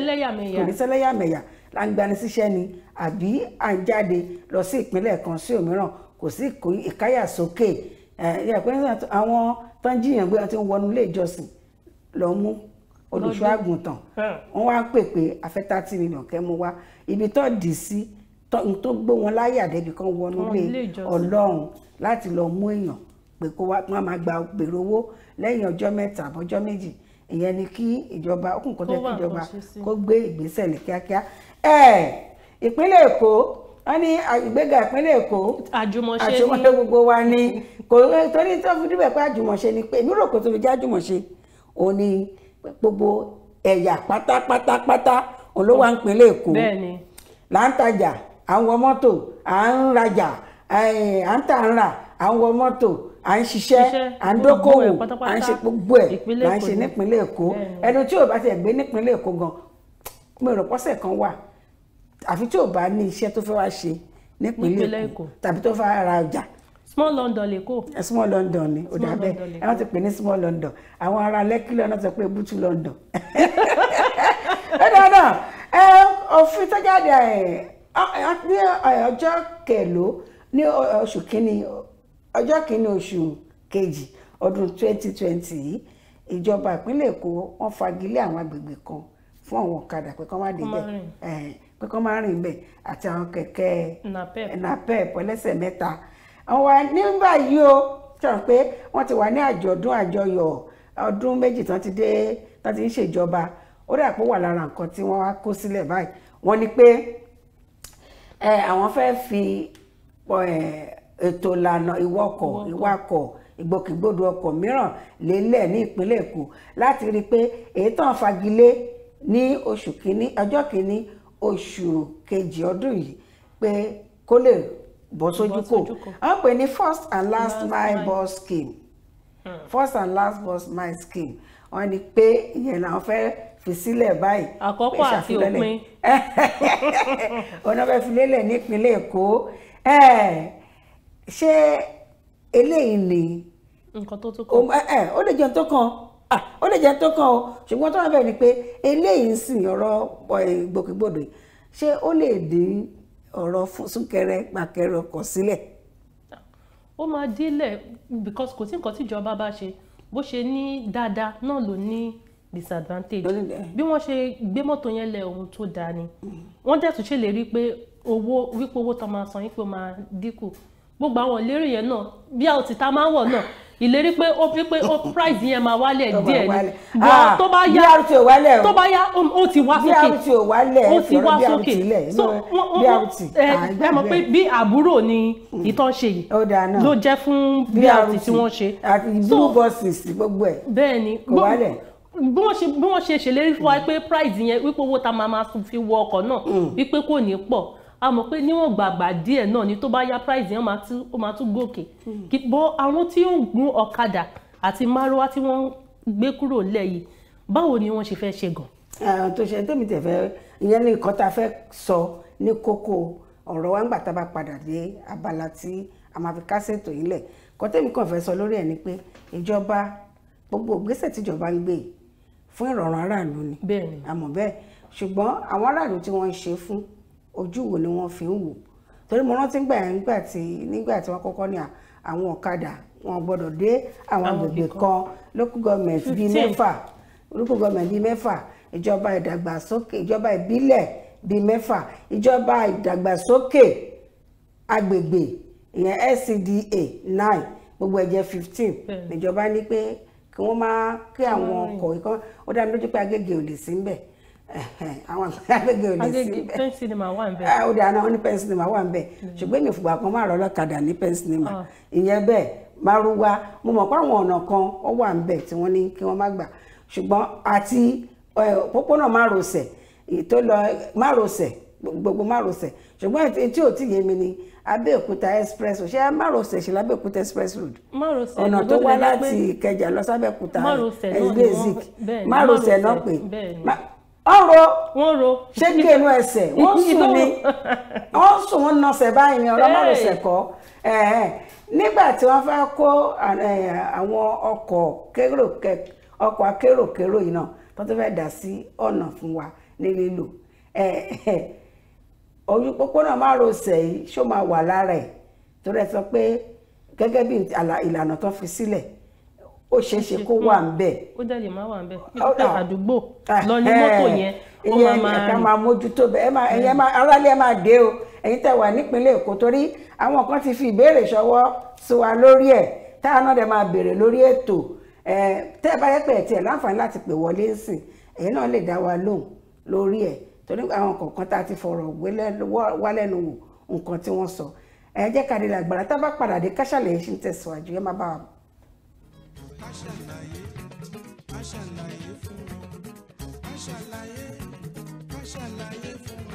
ẹlẹ́yàmẹ̀yà là ń gbani síṣẹ́ ni àbí à ń jáde lọ sí ìpínlẹ̀ kan sí òmíràn kò sí ìkáyàsókè àwọn tó ń jiyàn gbé wọn ti ń wọnú ilé ìjọsìn lọ mú olùṣọ́ àgùntàn wọ́n wá pè pé afẹ́ thirty million kẹ́ mú wá ibi tó dì sí tó gbé wọn láyà débi kan wọnú ilé ọlọ́run láti lọ mú èèyàn pé kó wá máa gba gbèrò owó lẹ́yìn ọjọ́ mẹ́ta àbọ̀jọ́ méjì ìyẹn ni kí ìjọba ó kún kó kí ìjọba kó gbé ìgbésẹ̀ ní kíákíá Eh, ìpínlẹ̀ èkó wọ́n ní ìgbéga ìpínlẹ̀ èkó àjùmọ̀ṣe ni gbogbo wa ni kò torí tó fi dúpẹ́ pé àjùmọ̀ṣe ni pé èmi rò kó tó fi jẹ́ àjùmọ̀ṣe òun ni gbogbo ẹ̀yà pátápátápátá òun ló wà ń pínlẹ̀ èkó là ń tajà à ń wọ mọ́tò à ń rajà eh, à ń tà ń rà à ń wọ mọ́tò à ń ṣiṣẹ́ à ń dókòwò à ń ṣe gbogbo ẹ̀ là ń ṣe nípínlẹ̀ èkó ẹni tí ò bá ti ẹ̀ gbé nípínlẹ̀ èkó gan mi kan wà àfi tí ò bá ní iṣẹ́ tó fẹ́ wá ṣe nípínlẹ̀ èkó tàbí tó fẹ́ ra ọjà. small london lẹ́kọ̀ọ́. Eh, small london ni ó dà bẹ́ẹ̀ àwọn ti pè ní small london àwọn ará lẹ́kí lọ́nà ti pè bútú london. ẹ dáná ẹ òfin tó jáde ní ọjọ́ kẹló ní oṣù kínní ọjọ́ kínní oṣù kejì ọdún twenty twenty yìí ìjọba ìpínlẹ̀ èkó wọ́n fagilé àwọn agbègbè kan fún àwọn ọ̀kadà pé kán má dé bẹ́ẹ̀ pé kọ́ máa rìn bẹ̀ àti àwọn kẹ̀kẹ́ napep ẹlẹ́sẹ̀ mẹ́ta àwọn wa nígbà yìí o sọ̀rọ̀ pé wọ́n ti wà ní àjọ̀dún àjọyọ̀ ọdún méjì tán ti dé tán ti ń ṣèjọba ó dà pé wà lára nǹkan tí wọ́n wá kó sílẹ̀ báyìí wọ́n ní pé àwọn fẹ́ fi ètò ìlànà ìwọkọ̀ ìwakọ̀ ìgbòkègbodò ọkọ̀ mìíràn lélẹ̀ ní ìpínlẹ̀ Èkó láti rí i pé èyí tán fagilé ní oṣù kínní ọjọ́ kínní oṣù kejì ọdún yìí pé kó lè bọ́ sójú kò wọ́n pè ní first and last mile bus scheme hmm. first and last bus mile scheme wọ́n ní pé ìyẹn làwọn fẹ́ fi sílẹ̀ báyìí àkọ́kọ́ àti òpin ọ̀nà fẹ́ fi lélẹ̀ nípínlẹ̀ Èkó ṣé eléyìí ni nǹkan tó tó kàn ó lè jẹun tó kàn ó lè jẹ́ tó kàn o ṣùgbọ́n tó wà bẹ́ẹ̀ ni pé eléyìí ń sìn ọ̀rọ̀ eh, gbòkègbodò ṣé ó lè dín ọ̀rọ̀ súnkẹrẹ gbàkẹrẹ ọkọ̀ sílẹ̀. ó máa dílẹ̀ because kò sí nǹkan tíjọba bá ṣe bó ṣe ní dáadáa náà ló ní disadvantage bí wọ́n ṣe gbé mọ́tò yẹn lẹ̀ ohun tó dáa ni wọ́n dẹ̀ tún ṣèlérí pé owó wípé owó tó máa san yín pé ó máa dínkù gbogbo àwọn ìlérí yẹn náà bí àwọn òtítà máa ń wọ̀ náà ìlérí pé ó pé pé ó price yẹn máa wálẹ̀ díẹ̀ ni bọ́ ah, tó bá yá brt ò wálẹ̀ o tó bá yá um, ó ti wá sókè brt ò wálẹ̀ ó ti wá sókè so brt ah, ẹ mọ̀ pé bí àbúrò ni hmm. ìtàn ṣe yìí ló jẹ́ fún brt tí wọ́n ṣe so bẹ́ẹ̀ ni kò wálẹ̀ bí wọ́n ṣe bí wọ́n ṣe ṣèlérí fún wa pé price yẹn wípé owó tá máa máa fi wọ ọkọ̀ náà hmm. wípé kò ní pọ̀ a mọ̀ pé níwọ̀n gbàgbà díẹ̀ náà ni tó bá yá price yẹn ó máa tún gòkè hmm. bọ́ àwọn tí ó ń gun ọ̀kadà àti márúwá tí wọ́n gbé kúrò lẹ̀ yìí báwo ni wọ́n ṣe fẹ́ ṣe gan. àwọn tó ṣe tèmi tẹ̀ fẹ́ ìyẹn ní nǹkan tá a fẹ́ sọ ní kókó ọ̀rọ̀ wa ń gbà tá a bá padà dé abala tí a máa fi kásẹ̀tò yìí lẹ̀ kọ́tẹ́mi kan fẹ́ sọ lórí ẹ̀ ni pé ìjọba gbogbo ìgbésẹ̀ tíjọba ń gbé fún ìrọ̀rùn aráàlú ni àmọ́ bẹ́ẹ̀ ṣùgbọ́n àwọn aráàlú tí wọ́n ń ṣe fún ojú wo ni wọ́n fi ń wò torí mo rántí gbà yẹn nígbà tí nígbà tí wọ́n kọ́kọ́ ní àwọn ọ̀kadà wọn gbọ́dọ̀ dé àwọn agbègbè kan local government bíi mẹ́fà local government bíi mẹ́fà ìjọba ìdàgbàsókè ìjọba ìbílẹ̀ bíi mẹ́fà ìjọba ìdàgbàsókè agbègbè ìyẹn SCDA nine gbogbo ẹ̀jẹ̀ fifteen níjọba ní pé kí wọ́n máa kí àwọn ọkọ̀ ikán ó dá mi lójú pé Agége ò lè sí ń bẹ̀ àwọn agbègbè ò lè sí bẹ́ẹ̀ pen cinema wà ń bẹ̀. Ah, ó dáa náà wọ́n ní pen cinema wà ń bẹ̀ hmm. ṣùgbọ́n èmi fùgbà kan máa rọ ọlọ́kadà ní pen cinema ah. ìyẹn bẹ́ẹ̀ márúwá mo mọ̀ pé àwọn ọ̀nà kan ó wà ń bẹ̀ tí wọ́n ní kí wọ́n má gbà ṣùgbọ́n àti pópónà márosẹ̀ tó lọ márosẹ̀ gbogbo márosẹ̀ ṣùgbọ́n tí ò tí yé mi ni Abẹ́òkúta express ṣé márosẹ̀ ṣe lábẹ́òkúta express road ọ̀nà tó wá láti Ìkẹjà lọ sábẹ́òkúta ẹgbẹ́ márosẹ̀ náà pé wọ́n ro wọ́n ro ṣé kéènú ẹsẹ̀ wọ́n sùn ni wọ́n sùn wọ́n nọsẹ̀ báyìí ni ọlọ́mọ̀rọ̀sẹ̀ kọ́ nígbà tí wọ́n fẹ́ kó àwọn ọkọ̀ kérò ọkọ̀ akérò kérò yìí náà tó ti fẹ́ dà sí ọ̀nà fún wa ní lílò ojú pópónà márosẹ̀ yìí ṣó máa wà lára ẹ̀ tó rẹ̀ sọ pé gẹ́gẹ́ bí ìlànà tó fi sílẹ̀ ó ṣeé ṣe kó wà ń bẹ̀. ó dẹ̀ lè má wà ń bẹ̀ pípẹ́ àdúgbò ah, lọ ní mọ́tò eh. yẹn ó máa máa rìn. ẹ̀ka máa mójútó bẹ́ẹ̀ ẹ̀yẹ aráàlú ẹ̀ máa dé o ẹ̀yin tẹ̀ wà nípínlẹ̀ Èkó torí àwọn kan ti fi ìbéèrè ṣọwọ́ sí wa lórí ẹ̀ táwọn náà dẹ̀ máa béèrè lórí ètò tẹ́ ẹ bá yẹ pé ẹ̀ tiẹ̀ láǹfààní láti pè wọlé ńsìn ẹ̀yin náà lè dá wa lóhùn lórí ẹ̀ torí àwọn kọ̀ọ̀kan tá a ti fọ̀rọ̀ wá lẹ́nu wò nǹkan tí wọ́n sọ ẹ jẹ́ ká dé lágbára tá a bá padà dé káṣàlẹ̀ yìí ṣì ń tẹ̀síwájú ẹ má bá wa a ṣàlàyé a ṣàlàyé fún wọn a ṣàlàyé fún wọn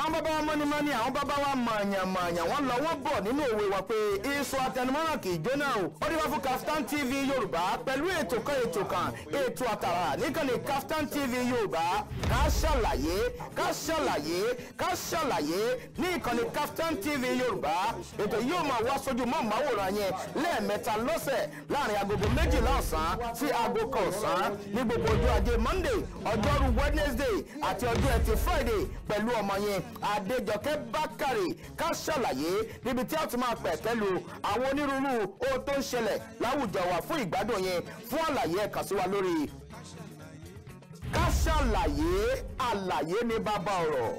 àwọn bàbá wa mọ́nimọ́ni àwọn bàbá wa mọ̀ọ̀yànmọ̀ọ̀yàn wọ́n lọ wọ́n bọ̀ nínú òwe wa pé iṣu àtẹnumọ́ràn kì í jóná o. ó dé wá fún Kaftan TV Yorùbá pẹ̀lú ètò kan ètò kan ètò àtàrà níkànnì Kaftan TV Yorùbá ká ṣàlàyé ká ṣàlàyé ká ṣàlàyé ní Kaftan TV Yorùbá ètò yóò máa wá sójú mọ́ màwòrán yẹn lẹ́ẹ̀mẹ́ta lọ́sẹ̀ láàrin agogo méjìlá ọ̀sán sí aago kan ọ̀sán ní gbogbo ọjọ́ ajé Monday ọjọ́rú Wednesday àti ọjọ́ ẹtì Friday pẹ̀lú ọmọ yẹn Adéjọkẹ́ Bákàrè ká ṣàlàyé níbi tí a ti máa pẹ̀ pẹ̀lú àwọn onírúurú ohun tó ń ṣẹlẹ̀ láwùjọ wa fún ìgbádùn yẹn fún àlàyé ẹ sí wa lórí ká ṣàlàyé àlàyé ní bàbá ọ̀rọ̀.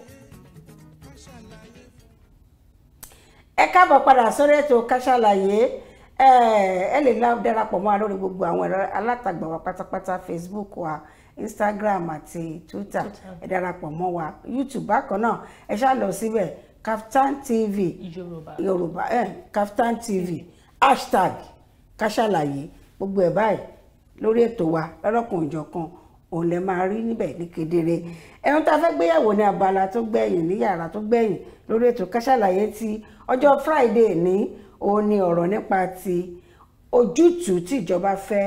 ẹ káàbọ̀ padà sórí ètò ká ṣàlàyé ẹ lè darapọ̀ mọ́ wa gbogbo àwọn ẹ̀rọ alátagbà wa pátápátá Facebook wa. Uh, instagram àti twitter ẹ darapọ̀ mọ́ wa youtube bákan náà ẹ ṣáà lọ síbẹ̀ Kaftan TV yorùbá yorùbá ẹ Kaftan TV hashtag káṣàlàyé gbogbo ẹ̀ báyìí lórí ètò wa lọ́lọ́kan òjọ̀kan òun lè máa rí níbẹ̀ ní kedere ẹ̀hún tá a fẹ́ gbéyàwó ní abala tó gbẹ̀yìn ní yàrá tó gbẹ̀yìn lórí ètò káṣàlàyé ti ọjọ́ friday ní òun ni ọ̀rọ̀ nípa ti ojútùú tí ìjọba fẹ́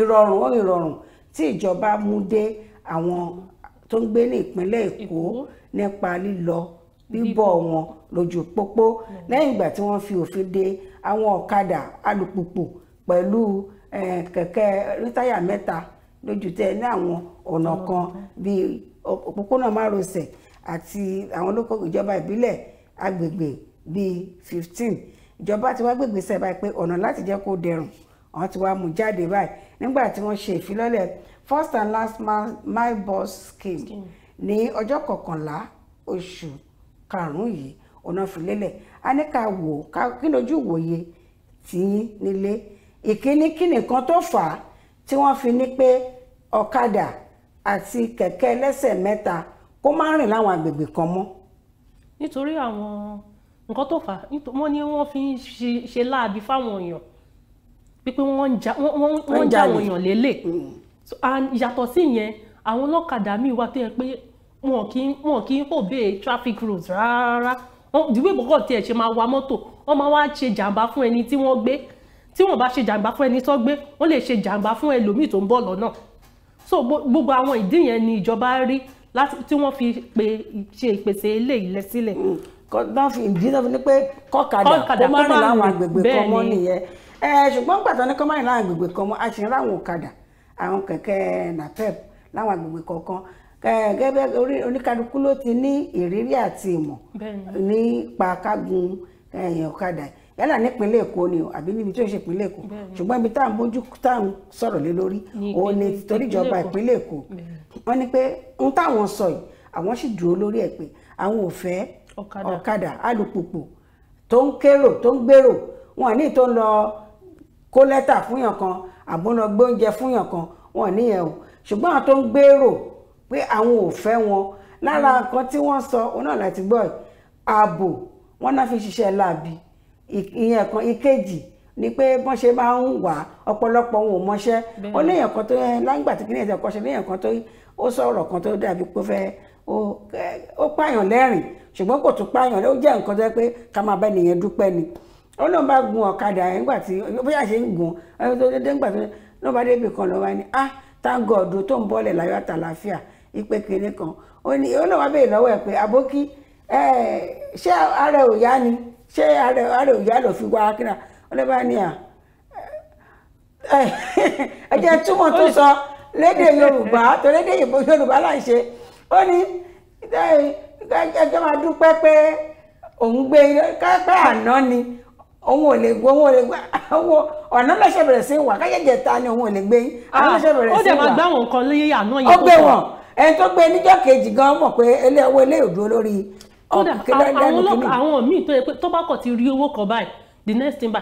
ìrọ̀rùn ó ìrọ̀rùn tí ìjọba mú dé àwọn tó ń gbé ní ìpínlẹ̀ Èkó nípa lílọ bíbọ̀ wọn lójú pópó lẹ́yìn ìgbà tí wọ́n fi òfin de àwọn ọ̀kadà alùpùpù pẹ̀lú kẹ̀kẹ́ rítàyà mẹ́ta lójú tẹ́ ní àwọn ọ̀nà kan bíi òpópónà márosẹ̀ àti àwọn olóko ìjọba ìbílẹ̀ agbègbè bíi fifteen ìjọba ti wá gbègbè sẹ́ẹ̀ báyìí pé ọ̀nà láti jẹ́ kó dẹrùn àwọn ti wá mú jáde báyìí nígbà tí wọ́n ṣe ìfilọ́lẹ̀ first and last my boss scheme ní ọjọ́ kọkànlá oṣù karùn-ún yìí ọ̀nà fìlélẹ̀ a ní ká wò ká kí lójú wòye tìyín nílé ìkíní kíni kan tó fà á tí wọ́n fi ní pé ọ̀kadà àti kẹ̀kẹ́ ẹlẹ́sẹ̀ mẹ́ta kó má rìn láwọn agbègbè kan mọ́. nítorí àwọn nǹkan tó fà á wọ́n ní wọ́n fi ń ṣe láabi fáwọn èèyàn pípé wọ́n ń ja àwọn èèyàn lélẹ̀ mm. yàtọ̀ sí yẹn àwọn ọlọ́kadà míì wá tó yẹ pé wọn kì í wọn kì í obey traffic rules rárá ìdíwé ìbọ̀kọ̀ tiẹ̀ ṣe máa wa mọ́tò wọ́n máa wá ṣe jàǹbá fún ẹni tí wọ́n gbé tí wọ́n bá ṣe jàǹbá fún ẹni tó gbé wọ́n lè ṣe jàǹbá fún ẹlòmíì tó ń bọ̀ lọ́nà so gbogbo àwọn ìdí yẹn ni ìjọba rí láti tí wọ́n fi pe ṣe ìpèsè ilé ilẹ̀ sílẹ̀. Mm. kọ́ńtà fi ìdí náà fi ní pé kọ́kadà kó má rìn láwọn àgbègbè kan mọ́ nìyẹn ṣùgbọ́n pàtó ní kọ́mọ́rin láwọn agbègbè kan mọ́ a ti ráwọn ọ̀kadà àwọn kẹ̀kẹ́ napep láwọn agbègbè kọ̀ọ̀kan gẹ́gẹ́ oníkálukú ló ti ní ìrírí àti ìmọ̀ nípa kágun ọ̀kadà yálà nípínlẹ̀ èkó ni o àbí níbi tí ó ń ṣe ìpínlẹ̀ èkó ṣùgbọ́n ibi tá à ń bójú tá à ń sọ̀rọ̀ lé lórí òun ni torí ìjọba ìpínlẹ̀ èkó wọ́n ní pé ohun táwọn sọ yìí àwọn sì dúró lórí ẹ̀ pé àwọn ò fẹ́ ọ̀kadà alùpùpù tó ń kérò tó ń gbèrò wọn ní tó ń lọ kó lẹ́tà fúnyàn kan àbúná gbóúnjẹ fúnyàn kan wọn níyẹn o ṣùgbọ́n àwọn tó ń gbèrò pé àwọn ò fẹ́ wọn lára nǹkan tí wọ́n sọ òun náà láti gbọ́ ààbò wọn náà fi ṣiṣẹ́ láabi ìyẹn kan ìkejì ni pé bọ́n ṣe máa ń wà ọ̀pọ̀lọpọ̀ òun ò mọṣẹ́ ó léèyàn kan tó yẹn láǹgbà tí kìnìyàn ti ọkọ ṣe léèyàn kan tó ó sọ ọ̀rọ̀ kan tó dàbí pé fẹ́ ó pààyàn lẹ́rìn ṣùgbọ́n kò tún pààyàn ó jẹ́ nǹkan tó yẹ pé ká máa bá ènìyàn dúpẹ́ ni ó náà bá gun ọ̀kadà yẹn nígbà tí bóyá ṣe ń gun ẹni tó dédé nígbà tó náà bá débi kan lọ́wọ́ ni ah thank God tó ń bọ́lẹ̀ láyọ̀ àtàlàáfíà ìpè kìnìún kan ó ní ó náà wá bèèrè lọ́wọ́ ẹ̀ pé àbókí ṣé ara ò yá ni ṣé ara ò yá lọ fi wá kíra ọlọ́ba ni à ah, ẹ jẹ́ túmọ̀ tó sọ lédè Yorùbá tó lédè Yorùbá là ń ṣe ó ní ẹjọ́ máa dúpẹ́ pé òun gbé kápẹ́ àná ni òun ò lè gbọ́ òun ò lè owó ọ̀nà lọ́sẹ̀ bẹ̀rẹ̀ sí wà ni òun ò gbé yín ah, ọ̀nà lọ́sẹ̀ bẹ̀rẹ̀ sí wà. ó dẹ̀ máa gbá wọn kan léyà náà yẹn kó gbé wọn ẹni tó gbé níjọ́ kejì gan mọ̀ pé ilé owó ilé ìdúró lórí ọ̀kẹ́lẹ́dẹ́nu àwọn míì tó yẹ pé tó bá kọ̀ ti rí owó next thing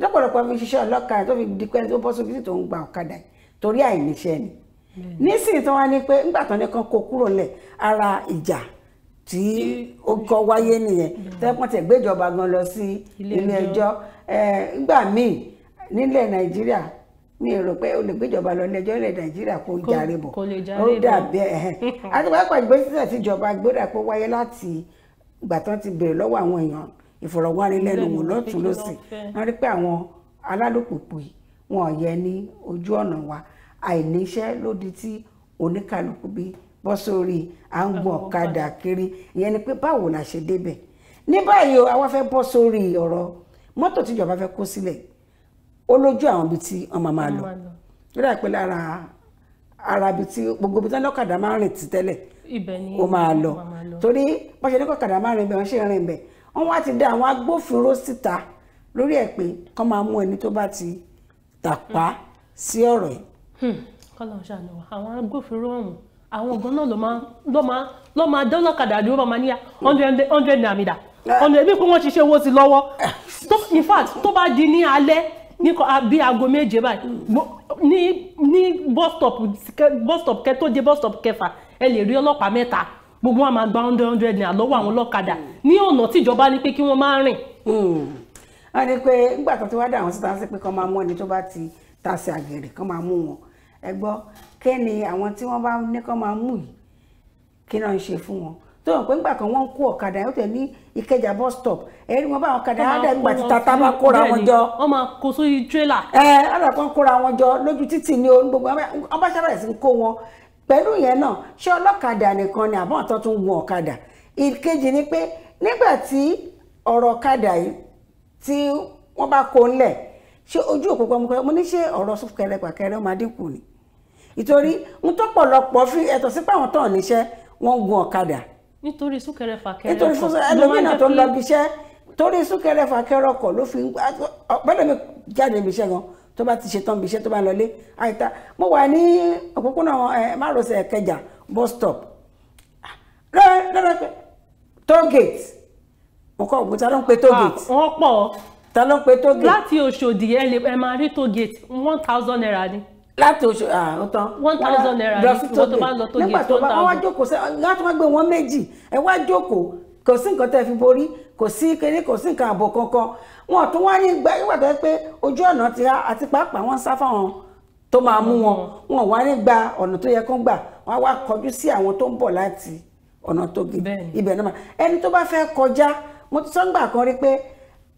ìjọpọ̀lọpọ̀ fi ṣiṣẹ́ ọlọ́kadà tó fi di pẹ́ni tó bọ́ sókè sí tó ń gba ọ̀kadà torí àìníṣẹ́ ni nísìnyí tó wá ní pé ńgbà tán ní kan kó kúrò lẹ̀ ara ìjà tí ó kọ́ wáyé nìyẹn tẹ́pọ̀n tẹ̀ gbéjọba gan lọ sí ilé ẹjọ́ ńgbà míì nílẹ̀ nàìjíríà mi rò pé o lè gbéjọba lọ ilé ẹjọ́ ilẹ̀ nàìjíríà kó jàre bọ̀ ó dàbí ẹ̀hẹ́n àti pàápàá ìgbésẹ̀ tíjọba gbódà pé wáyé láti ìfọ̀rọ̀wánilẹ́nuwò lọ́tún lọ́sì wọ́n rí pé àwọn alálòpòpò yìí wọn ò yẹ ní ojú ọ̀nà wa àìníṣẹ́ ló di tí oníkálukú bí bọ́ sórí à ń gun ọ̀kadà kiri ìyẹn ni pé báwo la ṣe débẹ̀ ní báyìí àwa fẹ́ bọ́ sórí ọ̀rọ̀ mọ́tò tíjọba fẹ́ kó sílẹ̀ ó lójú àwọn ibi tí wọ́n máa máa lọ lórí àpẹ lára ara ibi tí gbogbo ibi tí wọ́n lọ́kadà máa ń rìn títẹ́lẹ̀ ó máa lọ torí bọ́ṣẹ́ ní kọ́kadà máa ń rìn bẹ́ẹ̀ wọ́n ṣe ń rìn bẹ́ẹ̀ wọ́n wá ti dá àwọn agbófinró síta lórí ẹ̀ pé kán máa mú ẹni tó bá ti tàpá sí ọ̀rọ̀ yìí. Hmm, kọ́lọ̀ ṣàánú àwọn agbófinró ọ̀hún àwọn ọ̀gán náà ló máa ló máa ló máa dán lọ́kadà dúró máa níyà hundred hundred naira mi dà eh. ọ̀nà ẹbí pé wọ́n ti ṣe owó sí lọ́wọ́ eh. in fact tó bá di ní alẹ́ ní bí aago méje báyìí hmm. ní ní bus stop bus stop kẹ tó dé bus stop kẹfà ẹ lè rí ọlọ́pàá mẹ́ta gbogbo wọn máa gba hundred hundred naira lọ́wọ́ àwọn ọlọ́kadà mm. ní ọ̀nà tíjọba ní pé kí wọ́n máa rìn. wọ́n mm. ní pé nígbà tó ti wá dà wọ́n síta sí pé kán máa mú ẹni tó bá ti ta sí àgẹ̀rẹ̀ kán máa mú wọn ẹ gbọ́ kí ni àwọn tí wọ́n bá ní kán máa mú yìí kí náà ń ṣe fún wọn tó yàn pé ńgbà kan wọ́n ń kó ọ̀kadà yóò tẹ̀ ní Ìkẹjà bus stop ẹ̀rí wọn bá ọ̀kadà ádà ńgbà tí tata bá kóra wọn jọ. wọ́n máa kó sórí tírélà. ẹ ádà kan kóra wọn jọ lójú títì ni o gbogbo ọba ṣàbẹ̀sí ń kó wọn pẹ̀lú yẹn náà ṣé ọlọ́kadà nìkan ni àbọ̀n tán tún gun ọ̀kadà ìkejì ni pé nígbà tí ọ̀rọ̀ ọ̀kadà yìí tí wọ́n bá kó ńlẹ̀ ṣé ojú òpópó mo ní ṣé ọ̀rọ̀ súnkẹrẹ pàkẹrẹ máa dínkù ni ìtorí n tó pọ̀lọpọ̀ fi ẹ̀tọ́ sí páwọn tán níṣẹ́ wọ́n gun ọ̀kadà. nítorí súnkẹrẹ fàkẹrẹ ọkọ̀ nítorí ẹlòmínà tó ń lọ tó bá ti ṣetán bí iṣẹ́ tó bá lọlé àìta mo wà ní òpópónà márosẹ̀ kẹjà bus stop lọ́dọ̀ ah, toll gate mo kọ́ òkú ló ń pe toll ah, gate. wọ́n pọ̀ ta ló ń pe toll gate. láti Òṣòdì ẹ lè ẹ máa rí toll one thousand naira ni láti oṣù àtọ one thousand naira ní tó tó bá lọ tó yẹ tó ta ọ nígbà tó bá wá jókòó ṣe láti wá gbé wọn méjì ẹ wá jókòó kò sí nǹkan tẹ́ fi borí kò sí kéré kò sí nǹkan ààbò kankan wọn tún wá ní gbà nígbà tó yẹ pé ojú ọ̀nà ti ra àti pàápàá wọn sá fáwọn tó máa mú wọn wọn wá ní gba ọ̀nà tó yẹ kán gbà wọn wá kọjú sí àwọn tó ń bọ̀ láti ọ̀nà tó gé ibẹ̀ náà ẹni tó bá fẹ́ kọjá mo ti sọ́ngbà kan rí pé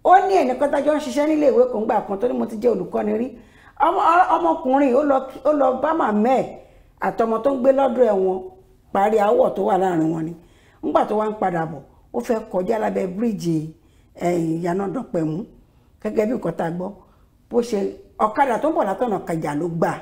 ó ní ẹnìkan tájọ́ ń ṣiṣẹ́ nílé ìwé kan gbà kan tó ní mo ti jẹ́ olùkọ́ni rí ọmọkùnrin ó lọ bá màmá àtọmọ tó ń gbé lọ́dọ̀ ẹ̀ wọn parí àwọ̀ tó wà láàrin wọn ni ńgbà tó wá ń padà bọ̀ ó fẹ́ kọjá lábẹ́ bíríìjì ìyanádọ́pẹ̀mú gẹ́gẹ́ bí nǹkan tá a gbọ́ bó ṣe ọ̀kadà tó ń bọ̀ látọ̀nà kàjà ló gbà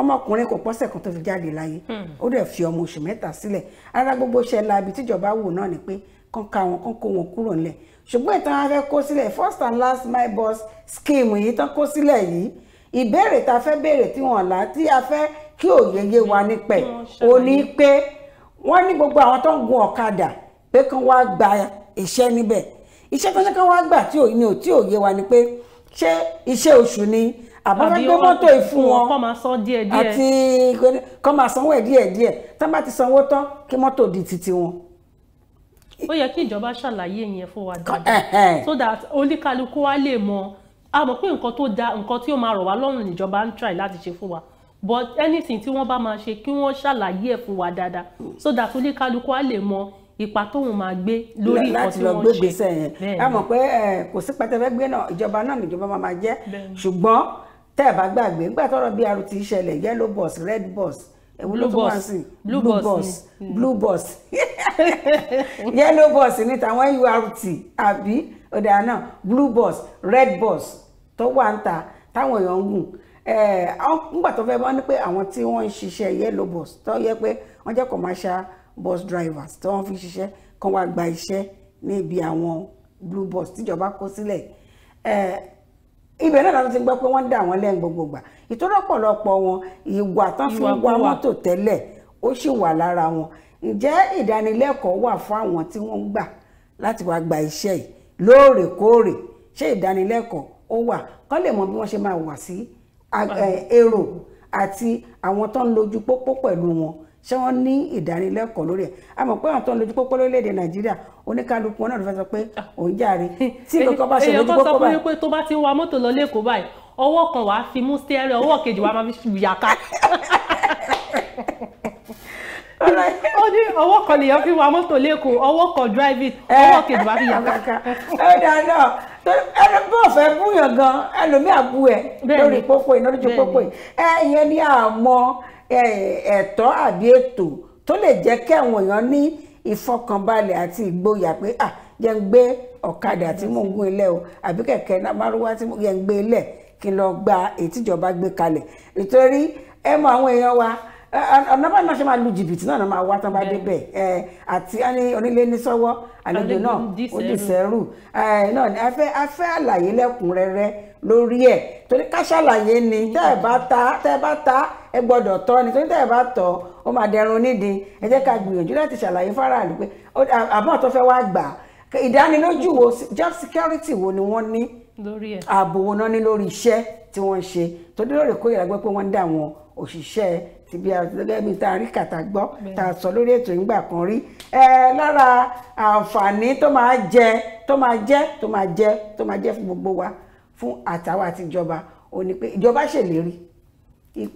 ọmọkùnrin kò pọ́sẹ̀ kan tó fi jáde láyé hmm. ó dẹ̀ fi ọmọ oṣù mẹ́ta sílẹ̀ ara gbogbo ṣe la ibi tíjọba wò náà ni pé kán ka wọn kán kó wọn kúrò ńlẹ̀ ṣùgbọ́n ìtàn afẹ́ kó sílẹ̀ first and last my boss scheme yìí tán kó sílẹ̀ yìí ìbéèrè tá a fẹ́ béèrè tí wọ́n là tí a fẹ́ kí òye yé wa nípẹ̀ hmm, ó ní pé wọ́n ní gbogbo àwọn tó ń gun ọ̀kadà pé kán wá gba iṣẹ́ níbẹ̀ iṣẹ́ tó ṣe kán wá gbà tí ò tí ò yé wa ni pé ṣé iṣẹ́ oṣù ni àbọ̀fẹ́ gbé mọ́tò ìfún wọn àti kán máa sanwó ẹ̀ díẹ̀díẹ̀ tán bá ti sanwó tán kí mọ́tò di titi wọn ó yẹ kí ìjọba ṣàlàyé yẹn fún wa dáadáa so that oníkálukú wa lè mọ a mọ̀ pé nǹkan tó da nǹkan tí ó máa rọ̀ wá lọ́rùn níjọba ń try láti ṣe fún wa but anything tí wọ́n bá máa ṣe kí wọ́n ṣàlàyé ẹ̀ fún wa dáadáa so that oníkálukú wa lè mọ ipa tóun máa gbé lórí nǹkan tí wọ́n ṣe láti lọ gbégbé sẹ́yìn ẹ mọ̀ pé kò sí pẹtẹfẹ gbé náà ìjọba náà níjọba máa jẹ́ ṣùgbọ́n tẹ́ ẹ bá gbàgbé nígbà tọ́rọ̀ BRT ṣẹlẹ̀ yellow bus red bus èwo ló wá sí blue bus hmm. blue bus yellow bus ní tàwọn urt àbí ọ̀dà náà blue bus red bus tó wà ń ta táwọn èèyàn ń gùn nígbà tó fẹ́ bá ní pé àwọn tí wọ́n ń ṣiṣẹ́ yellow bus tó yẹ pé wọ́n jẹ́ commercial bus drivers tí wọ́n fi ṣiṣẹ́ kán wá gba iṣẹ́ níbi àwọn blue bus tíjọba kó sílẹ̀ ibẹ̀ náà láti gbọ́ pé wọ́n ń dà wọ́n lẹ́yìn gbogbogbà ìtọ́lọ́pọ̀lọpọ̀ wọn ìwà tán fi wá mọ́tò tẹ́lẹ̀ ó sì wà lára wọn ǹjẹ́ ìdánilẹ́kọ̀ọ́ wà fún àwọn tí wọ́n ń gbà láti wá gba iṣẹ́ yìí lóòrèkóòrè ṣé ìdánilẹ́kọ̀ọ́ ó wà kán lè mọ bí wọ́n ṣe máa wà sí èrò àti àwọn tó ń lójú pópó pẹ̀lú wọn ṣé wọ́n ní ìdánilẹ́kọ̀ọ́ lórí ẹ̀ a mọ̀ pé àwọn tó ń lójú pópó lórílẹ̀‐èdè nàìjíríà oníkálukú wọn náà ló fẹ́ sọ pé òun jàre tí nǹkan bá ṣe lójú pópó báyìí. èèyàn kan sọ pé tó bá ti ń wa mọ́tò lọ lẹ́kọ̀ọ́ báyìí ọwọ́ kan wàá fi mú stẹ́rẹ̀ ọwọ́ kejì wàá máa fi yàká ó ní ọwọ́ kan lèèyàn fi wa mọ́tò lẹ́kọ̀ọ́ ọwọ́ kan drive it ọwọ́ kejì wàá fi yàká. ẹ dáná ẹni bó fẹ́ búyàn gan ẹlòmíà bú ẹ lórí pópó ìnáwó lójú pópó ẹ ìyẹn ni àmọ́ ẹ̀tọ́ àbí ètò tó lè jẹ́ kí àwọn èèyàn ní ìfọkànbalẹ̀ àti ìgboyà pé à jẹ́ ń gbé ọ̀kadà tí mò ń gún ilẹ̀ o àbí kẹ̀kẹ́ márúwá tí jẹ́ ń gbé ilẹ̀ kí n lọ gba ètìjọba gbé kalẹ̀ nítorí ẹ mọ àwọn èèyàn wa ọ̀nàbà náà ṣe máa lu jìbìtì náà náà máa wá tán bá débẹ̀ àti onílé ní sọ́wọ́ àlejò náà ó dì sẹ́rù náà ni a fẹ́ àlàyé lẹ́kùnrẹ́rẹ́ lórí ẹ̀ torí ká ṣàlàyé ni tẹ́ ẹ bá ta tẹ́ ẹ bá ta ẹ gbọ́dọ̀ tọ́ ni torí tẹ́ ẹ bá tọ́ ó máa dẹrun nídìí ẹ jẹ́ ká gbìyànjú láti ṣàlàyé fáráàlú pé àbọ̀ tó fẹ́ wá gbà ìdánilójú wo job security wo ni wọ́n ní ààbò wo náà ní lórí iṣẹ́ tí wọ́n ń ṣe torí lóòrèkóòrè àgbẹ̀ pé wọ́n ń dá àwọn òṣìṣẹ́ ti bí gẹ́gẹ́ bí tá a rí kàtà gbọ́ tá a sọ lórí ètò ìgbà kan rí ẹ lára àǹfààní tó máa jẹ tó máa jẹ tó máa jẹ tó máa jẹ fún gbogbo wa fún àtàwọn àtijọba òní pé ìjọba ṣèlérí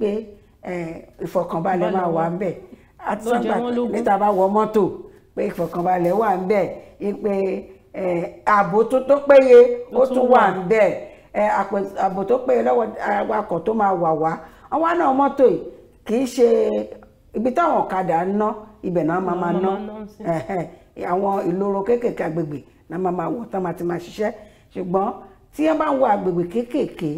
pé ìfọ̀kànbalẹ̀ máa wà ń bẹ̀ àti sọ́gbà níta bá wọ mọ́tò pé ìfọ̀kànbalẹ̀ wà ń bẹ̀ pé ààbò tó tó péye ó tún wà ń bẹ̀ ààbò tó péye lọ́wọ́ awakọ̀ tó máa wà wá àwọn àna mọ́tò yìí kì í ṣe ibi táwọn ọ̀kadà ń ná ibẹ̀ náà máa máa ná àwọn ìloro kéékèèké agbègbè náà máa máa wọ̀ tán máa ti máa ṣiṣẹ́ ṣùgbọ́n tí wọ́n bá ń wọ agbègbè kéékèèké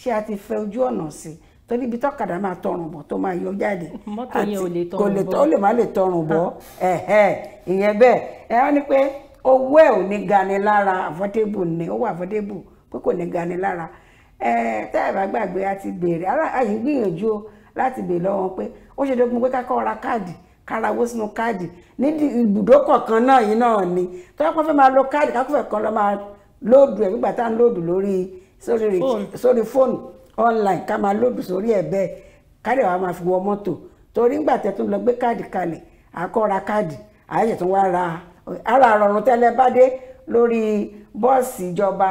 ṣé a ti fẹ́ ojú ọ̀nà sí i torí ibi tọ́kadà máa tọrùn bọ̀ tó máa yọ jáde àti kò lè tọ́ ó lè má lè tọrùn bọ̀ ah. ìyẹn bẹ́ẹ̀ ẹ wọ́n ní pé owó ẹ̀ ò ní gani lára àfọ́tébù ni ó wà àfọ́tébù pé kò ní gani lára ẹ tẹ́ ẹ̀ bá gbàgbé a ti béèrè àyè gbìyànjú o láti béèrè lọ́wọ́ pé ó ṣe dógún pé kákọ́ ra káàdì kárawó sínú káàdì ní ibùdókọ̀ kan náà yìí náà ni tọ́wọ́ pọ́n fẹ́ máa lo káàdì kákúfẹ̀ kan lọ́ máa lóòdù ẹ̀ nígbà tá à ń lóòdù lórí sórí fóònù online ká máa lòdù sórí ẹ̀ bẹ́ẹ̀ káàdì wa máa fi wọ mọ́tò torí ńgbà tẹ́ tún lọ gbé káàdì kalẹ̀ àkọ́ra káàdì àyẹ̀ṣẹ̀ tún wá ra ara rọrùn tẹ́lẹ̀ bá dé lórí bọ́ọ̀sì ìjọba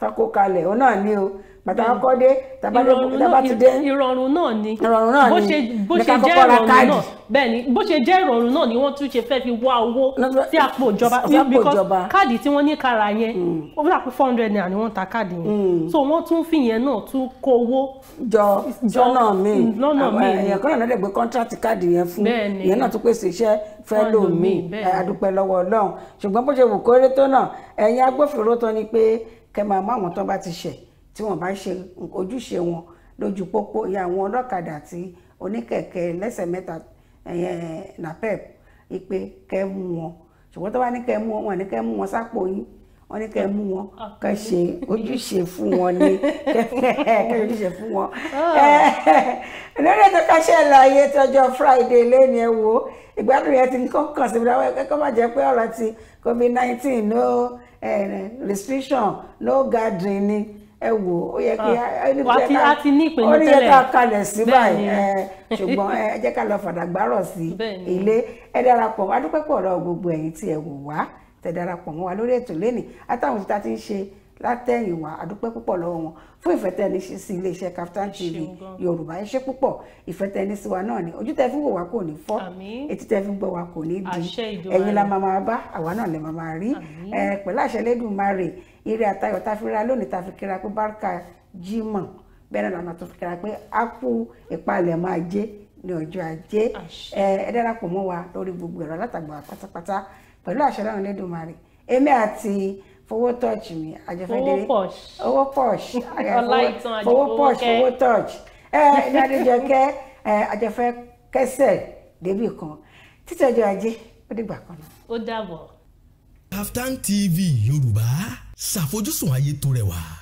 tako kalẹ̀ òun náà ní o bàtà kọ́kọ́ dé tàbá ti dé. ìrọ̀rùn náà ni ìrọ̀rùn náà ni bó ṣe jẹ́ ìrọ̀rùn náà bẹ́ẹ̀ ni bó ṣe jẹ́ ìrọ̀rùn náà ni wọ́n tún ṣe fẹ́ fi wá owó sí àpò ìjọba because káàdì tí wọ́n ní kára yẹn mm. ó bí àpò four hundred naira ni wọ́n ta káàdì yẹn mm. so wọ́n tún fi yẹn náà tún kó owó. jọ jọ́nà mi mm, lọ́nà mi èèyàn kan náà dẹ̀gbẹ́ kọ́ńtrátì káàdì yẹn fún ìyẹn náà tún pèsè iṣẹ́ fẹ́ lò mí adúpẹ́ lọ́wọ́ Ọlọ́run ṣùgbọ́n bó ṣe wù kórè tó náà ẹ̀yin agbófinró tó ní pé kẹ́ máa mú àwọn bá ti ṣẹ̀ tí wọ́n bá ṣe ojúṣe wọn lójú pópó ìyá àwọn ọlọ́kadà àti oníkẹ̀kẹ́ lẹ́sẹ̀ mẹ́ta napep ipe kẹ́ mú wọn ṣùgbọ́n tó bá ní kẹ́ mú wọn ní kẹ́ mú wọn sápò yín wọ́n ní kẹ́ mú wọn kẹ́ ṣe ojúṣe fún wọn ní kẹ́ ojúṣe fún wọn. Ah. lórí ètò Káṣẹ́ Àlàyé tọjọ́ Friday lẹ́ni ẹ wo ìgbádùn yẹn ti ń kọ́ kàn síbi láwọn ẹ̀kọ́ má jẹ́ pé ọ̀rọ̀ ti COVID-19 no eh, restriction no gathering ni ẹ wò ó yẹ kí ah. a ti ní ìpinnu tẹ́lẹ̀ orí yẹ ká kalẹ̀ sí báyìí ṣùgbọ́n ẹ jẹ́ ká lọ fàdàgbárọ̀ sí ilé ẹ darapọ̀ wá dúpẹ́ pọ̀ ọ̀rọ̀ gbogbo ẹ̀yin tí ẹ wò wá tẹ darapọ̀ mọ́ wa lórí ètò lẹ́nìí àtàwọn òṣìṣẹ́ ti ń ṣe látẹ̀yìnwá àdúpẹ́ púpọ̀ lọ́wọ́ wọn fún ìfẹ́tẹ́ni sí iléeṣẹ́ Kaftan TV yorùbá ẹ ṣé púpọ̀ ìfẹ́tẹ́ni sí wa náà ni ojú tẹ́ fi wò wá kò ní fọ́ etí tẹ́ fi gbọ́ wá kò ní di ẹ̀yin la máa máa bá àwa náà lè máa máa rí pẹ̀lú àṣẹ Elédùmarè eré àtayọ̀ tá a fi ra lónìí tá a fi kíra pé bárkà Jímọ̀ bẹ́ẹ̀ náà la tó fi kíra pé á kú ìpalẹ̀mọ́ ajé ní ọjọ́ ajé ẹ darapọ̀ mọ́ wa lórí gbogbo ẹ̀rọ alátagbà pátápátá pẹ̀lú àṣẹ Ọlọ́run Elédùmarè èmi àti fowó touch mi àjọfẹ́dẹ́rẹ́ owó posh fowó posh fowó touch ẹ Adéjọkẹ́ ẹ àjọfẹ́ kẹsẹ̀ débì kan títọ́jú ajé ó dìgbà kan náà. ó dàbọ̀. Kaftan TV Yorùbá ṣàfojúsùn ayé tó rẹwà.